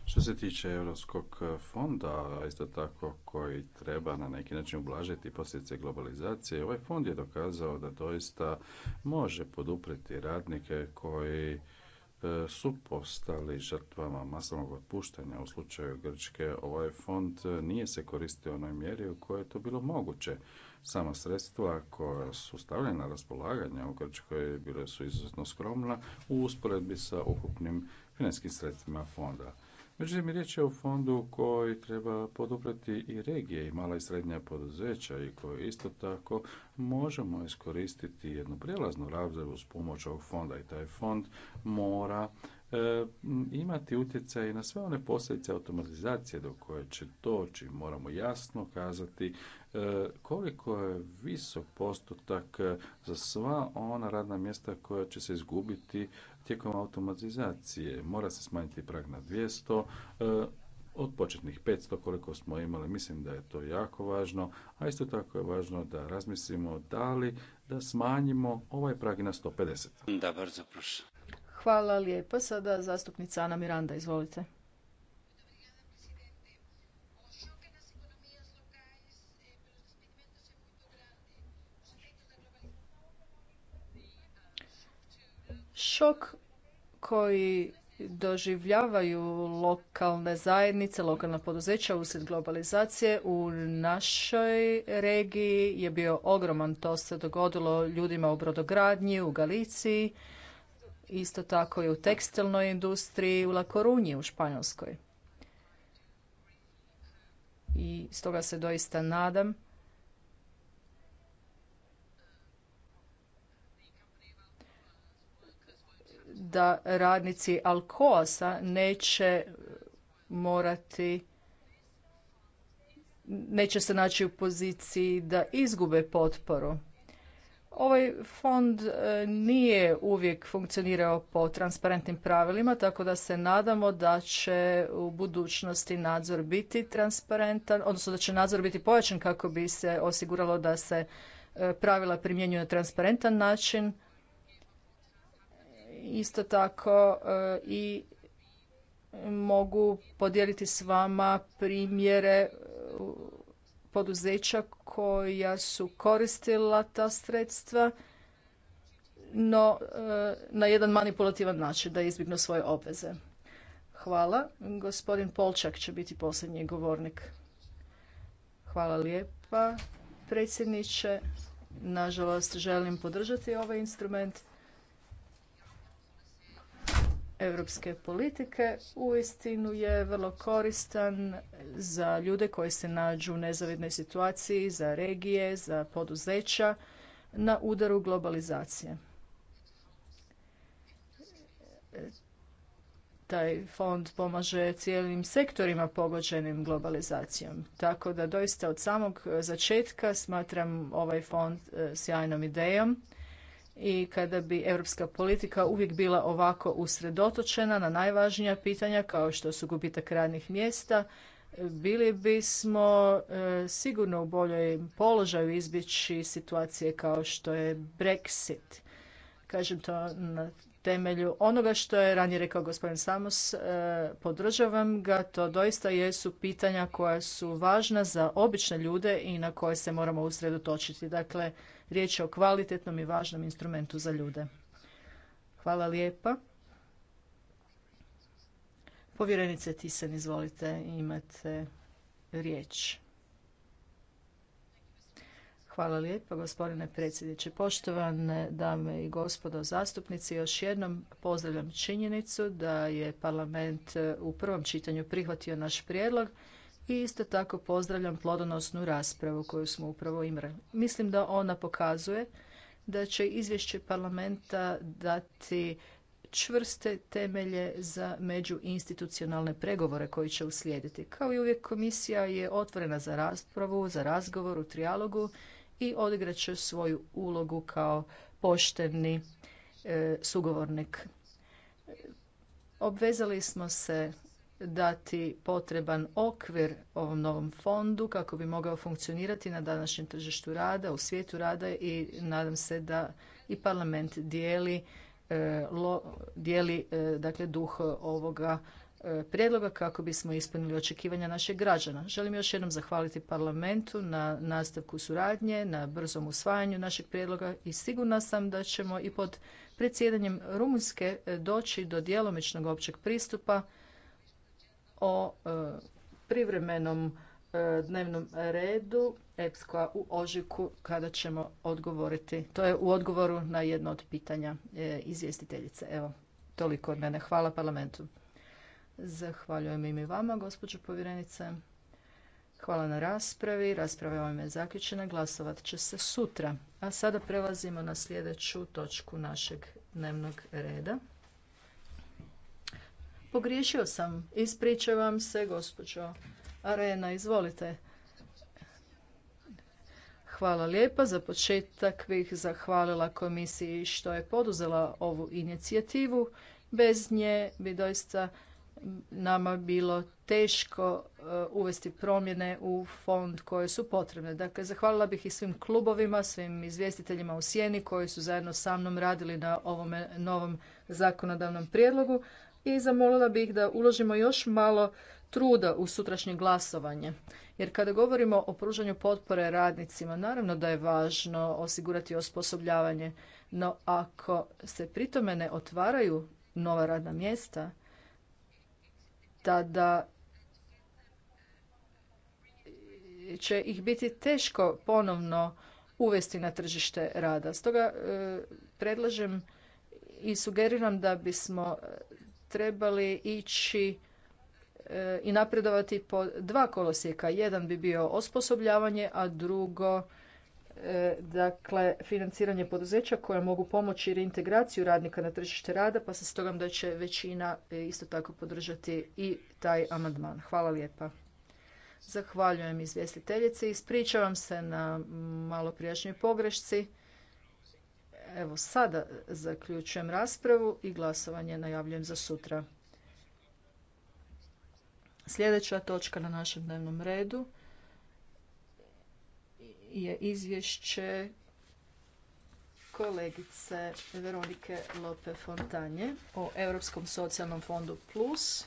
Speaker 2: Što se tiče Europskog e, fonda, isto tako koji treba na neki način ublažiti posljedice globalizacije, ovaj fond je dokazao da doista može poduprijeti radnike koji e, su postali žrtvama masovnog otpuštanja. U slučaju Grčke ovaj fond nije se koristio u onoj mjeri u kojoj je to bilo moguće. Sama sredstva koja su stavljena na raspolaganje u Grčkoj bile su izuzetno skromna u usporedbi sa ukupnim financijskim sredstvima fonda. Međutim, riječ je o fondu koji treba poduprati i regije i mala i srednja poduzeća i koji isto tako možemo iskoristiti jednu prijelaznu razvoju uz pomoć ovog fonda i taj fond mora E, imati utjecaj na sve one posljedice automatizacije do koje će doći. Moramo jasno kazati e, koliko je visok postotak za sva ona radna mjesta koja će se izgubiti tijekom automatizacije. Mora se smanjiti prag na 200, e, od početnih 500 koliko smo imali, mislim da je to jako važno, a isto tako je važno da razmislimo da li da smanjimo ovaj prag na 150. Da, brzo
Speaker 3: Hvala lijepa. Sada zastupnica Ana Miranda, izvolite. Šok koji doživljavaju lokalne zajednice, lokalna poduzeća uslijed globalizacije u našoj regiji je bio ogroman. To se dogodilo ljudima u brodogradnji, u Galiciji isto tako i u tekstilnoj industriji u La Corunji u Španjolskoj. I stoga se doista nadam da radnici Alcoasa neće morati neće se naći u poziciji da izgube potporu Ovaj fond e, nije uvijek funkcionirao po transparentnim pravilima, tako da se nadamo da će u budućnosti nadzor biti transparentan, odnosno da će nadzor biti pojačan kako bi se osiguralo da se e, pravila primjenjuju na transparentan način. Isto tako e, i mogu podijeliti s vama primjere poduzeća koja su koristila ta sredstva, no e, na jedan manipulativan način da izbjegnu svoje obveze. Hvala. Gospodin Polčak će biti posljednji govornik. Hvala lijepa, predsjedniče. Nažalost, želim podržati ovaj instrument europske politike uistinu je vrlo koristan za ljude koji se nađu u nezavidnoj situaciji, za regije, za poduzeća na udaru globalizacije. Taj fond pomaže cijelim sektorima pogođenim globalizacijom. Tako da doista od samog začetka smatram ovaj fond e, sjajnom idejom i kada bi europska politika uvijek bila ovako usredotočena na najvažnija pitanja kao što su gubitak radnih mjesta, bili bismo e, sigurno u boljem položaju izbjeći situacije kao što je Brexit. Kažem to na temelju onoga što je ranije rekao gospodin Samos, e, podržavam ga, to doista jesu pitanja koja su važna za obične ljude i na koje se moramo usredotočiti. Dakle, riječ je o kvalitetnom i važnom instrumentu za ljude. Hvala lijepa. Povjerenice Tisan, izvolite, imate riječ. Hvala lijepa gospodine predsjedniče. Poštovane dame i gospodo zastupnici, još jednom pozdravljam činjenicu da je parlament e, u prvom čitanju prihvatio naš prijedlog i isto tako pozdravljam plodonosnu raspravu koju smo upravo imali. Mislim da ona pokazuje da će izvješće parlamenta dati čvrste temelje za međuinstitucionalne pregovore koji će uslijediti. Kao i uvijek komisija je otvorena za raspravu, za razgovor u trijalogu i odigrat svoju ulogu kao pošteni e, sugovornik. Obvezali smo se dati potreban okvir ovom novom fondu kako bi mogao funkcionirati na današnjem tržištu rada, u svijetu rada i nadam se da i parlament dijeli, e, dijeli e, dakle duh ovoga E, prijedloga kako bismo ispunili očekivanja naših građana. Želim još jednom zahvaliti parlamentu na nastavku suradnje, na brzom usvajanju našeg prijedloga i sigurna sam da ćemo i pod predsjedanjem Rumunjske e, doći do djelomičnog općeg pristupa o e, privremenom dnevnom redu EPSKO-a u ožiku kada ćemo odgovoriti. To je u odgovoru na jedno od pitanja izvjestiteljice. Evo, toliko od mene. Hvala parlamentu. Zahvaljujem im i vama, gospođo povjerenice. Hvala na raspravi. Rasprava ovime je zaključena. Glasovat će se sutra. A sada prelazimo na sljedeću točku našeg dnevnog reda. Pogriješio sam. Ispričavam se, gospođo Arena. Izvolite. Hvala lijepa. Za početak bih zahvalila komisiji što je poduzela ovu inicijativu. Bez nje bi doista nama bilo teško eh, uvesti promjene u fond koje su potrebne. Dakle, zahvalila bih i svim klubovima, svim izvjestiteljima u Sjeni koji su zajedno sa mnom radili na ovom novom zakonodavnom prijedlogu i zamolila bih da uložimo još malo truda u sutrašnje glasovanje. Jer kada govorimo o pružanju potpore radnicima, naravno da je važno osigurati osposobljavanje, no ako se pritome ne otvaraju nova radna mjesta, tada će ih biti teško ponovno uvesti na tržište rada. Stoga e, predlažem i sugeriram da bismo trebali ići e, i napredovati po dva kolosijeka. Jedan bi bio osposobljavanje, a drugo E, dakle financiranje poduzeća koja mogu pomoći reintegraciju radnika na tržište rada, pa se stogam da će većina e, isto tako podržati i taj amandman. Hvala lijepa. Zahvaljujem izvjestiteljici. Ispričavam se na malo prijašnjoj pogrešci. Evo sada zaključujem raspravu i glasovanje najavljujem za sutra. Sljedeća točka na našem dnevnom redu je izvješće kolegice Veronike Lope Fontanje o Europskom socijalnom fondu Plus.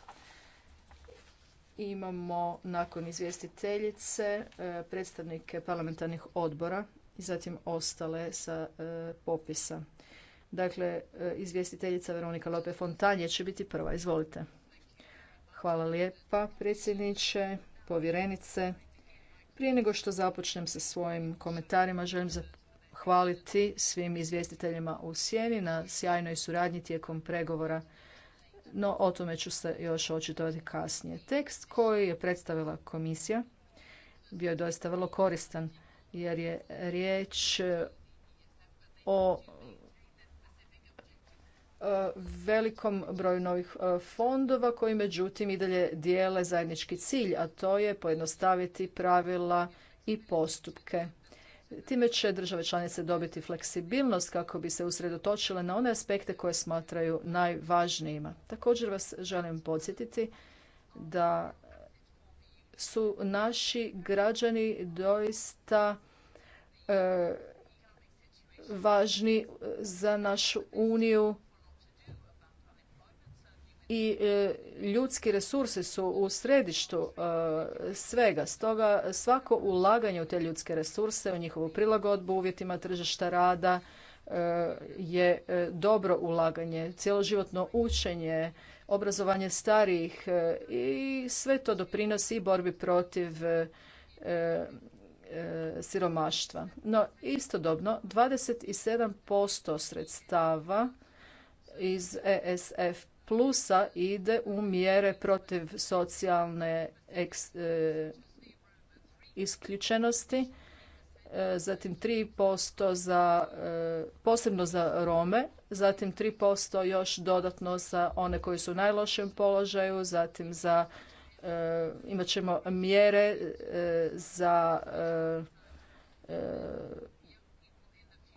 Speaker 3: Imamo nakon izvjestiteljice e, predstavnike parlamentarnih odbora i zatim ostale sa e, popisa. Dakle, e, izvjestiteljica Veronika Lope Fontanje će biti prva. Izvolite. Hvala lijepa, predsjedniče, povjerenice, prije nego što započnem sa svojim komentarima, želim zahvaliti svim izvjestiteljima u Sjeni na sjajnoj suradnji tijekom pregovora, no o tome ću se još očitovati kasnije. Tekst koji je predstavila komisija bio je doista vrlo koristan jer je riječ o velikom broju novih e, fondova koji međutim i dalje dijele zajednički cilj, a to je pojednostaviti pravila i postupke. Time će države članice dobiti fleksibilnost kako bi se usredotočile na one aspekte koje smatraju najvažnijima. Također vas želim podsjetiti da su naši građani doista e, važni za našu uniju i e, ljudski resursi su u središtu e, svega. Stoga svako ulaganje u te ljudske resurse, u njihovu prilagodbu uvjetima tržišta rada e, je dobro ulaganje, cjeloživotno učenje, obrazovanje starijih i sve to doprinosi i borbi protiv siromaštva. No istodobno 27% sredstava iz ESF plusa ide u mjere protiv socijalne e, isključenosti, e, zatim 3% za, e, posebno za Rome, zatim 3% još dodatno za one koji su u najlošem položaju, zatim za imat ćemo mjere za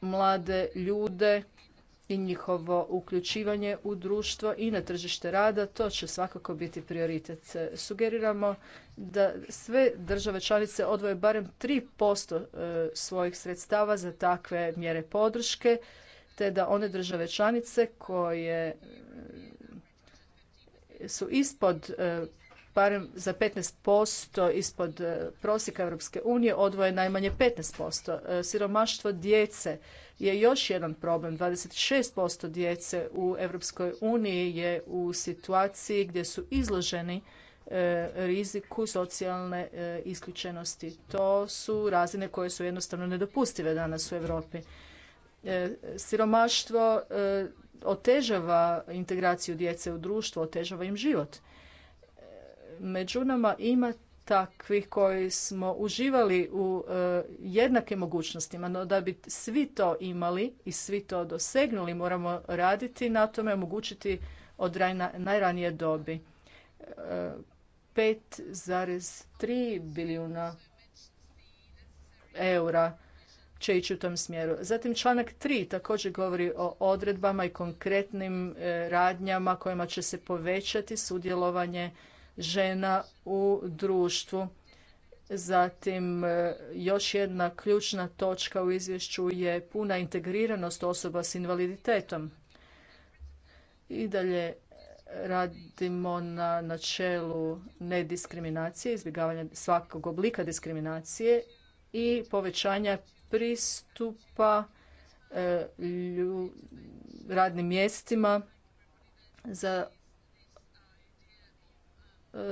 Speaker 3: mlade ljude njihovo uključivanje u društvo i na tržište rada, to će svakako biti prioritet. Sugeriramo da sve države članice odvoje barem 3% e, svojih sredstava za takve mjere podrške, te da one države članice koje e, su ispod e, barem za 15% ispod e, prosjeka Europske unije odvoje najmanje 15%. E, siromaštvo djece je još jedan problem. 26% djece u Europskoj uniji je u situaciji gdje su izloženi e, riziku socijalne isključenosti. To su razine koje su jednostavno nedopustive danas u Europi. Siromaštvo otežava integraciju djece u društvo, otežava im život među nama ima takvih koji smo uživali u e, jednakim mogućnostima, no da bi svi to imali i svi to dosegnuli moramo raditi na tome omogućiti od najranije dobi. E, 5,3 bilijuna eura će ići u tom smjeru. Zatim članak 3 također govori o odredbama i konkretnim e, radnjama kojima će se povećati sudjelovanje žena u društvu. Zatim, e, još jedna ključna točka u izvješću je puna integriranost osoba s invaliditetom. I dalje radimo na načelu nediskriminacije, izbjegavanja svakog oblika diskriminacije i povećanja pristupa e, radnim mjestima za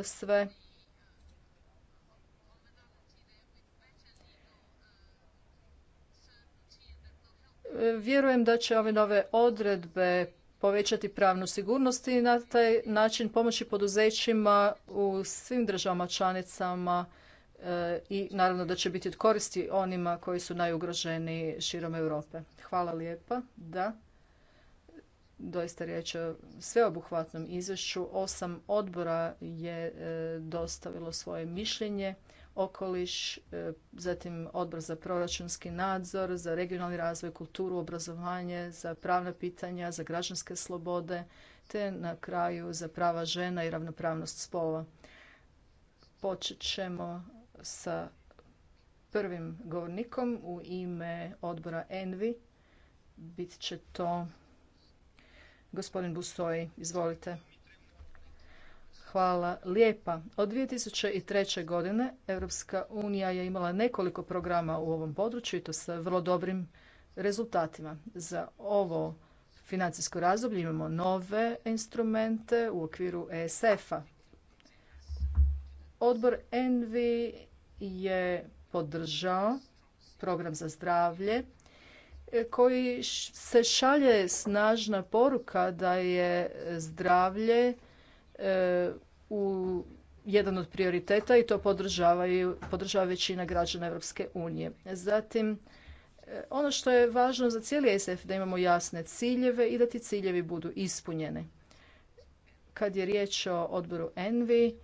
Speaker 3: sve Vjerujem da će ove nove odredbe povećati pravnu sigurnost i na taj način pomoći poduzećima u svim državama članicama e, i naravno da će biti od koristi onima koji su najugroženiji širom Europe. Hvala lijepa. Da doista riječ o sveobuhvatnom izvješću. Osam odbora je e, dostavilo svoje mišljenje. Okoliš, e, zatim odbor za proračunski nadzor, za regionalni razvoj, kulturu, obrazovanje, za pravna pitanja, za građanske slobode, te na kraju za prava žena i ravnopravnost spolova. Počet ćemo sa prvim govornikom u ime odbora ENVI. Bit će to Gospodin Bustoji, izvolite. Hvala lijepa. Od 2003. godine Europska unija je imala nekoliko programa u ovom području i to sa vrlo dobrim rezultatima. Za ovo financijsko razdoblje imamo nove instrumente u okviru ESF-a. Odbor ENVI je podržao program za zdravlje koji se šalje snažna poruka da je zdravlje e, u jedan od prioriteta i to podržava većina građana Europske unije. Zatim, e, ono što je važno za cijeli SF da imamo jasne ciljeve i da ti ciljevi budu ispunjeni. Kad je riječ o odboru Envi,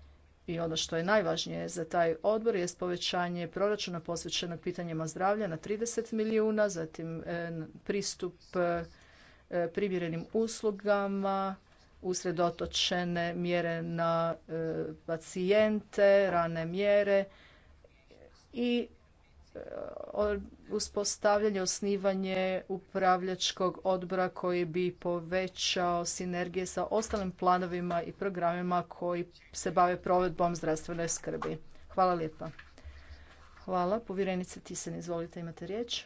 Speaker 3: i ono što je najvažnije za taj odbor je povećanje proračuna posvećenog pitanjima zdravlja na 30 milijuna, zatim e, pristup e, e, primjerenim uslugama, usredotočene mjere na pacijente, rane mjere i uspostavljanje, osnivanje upravljačkog odbora koji bi povećao sinergije sa ostalim planovima i programima koji se bave provedbom zdravstvene skrbi. Hvala lijepa. Hvala. povjerenice Tisan, izvolite, imate riječ.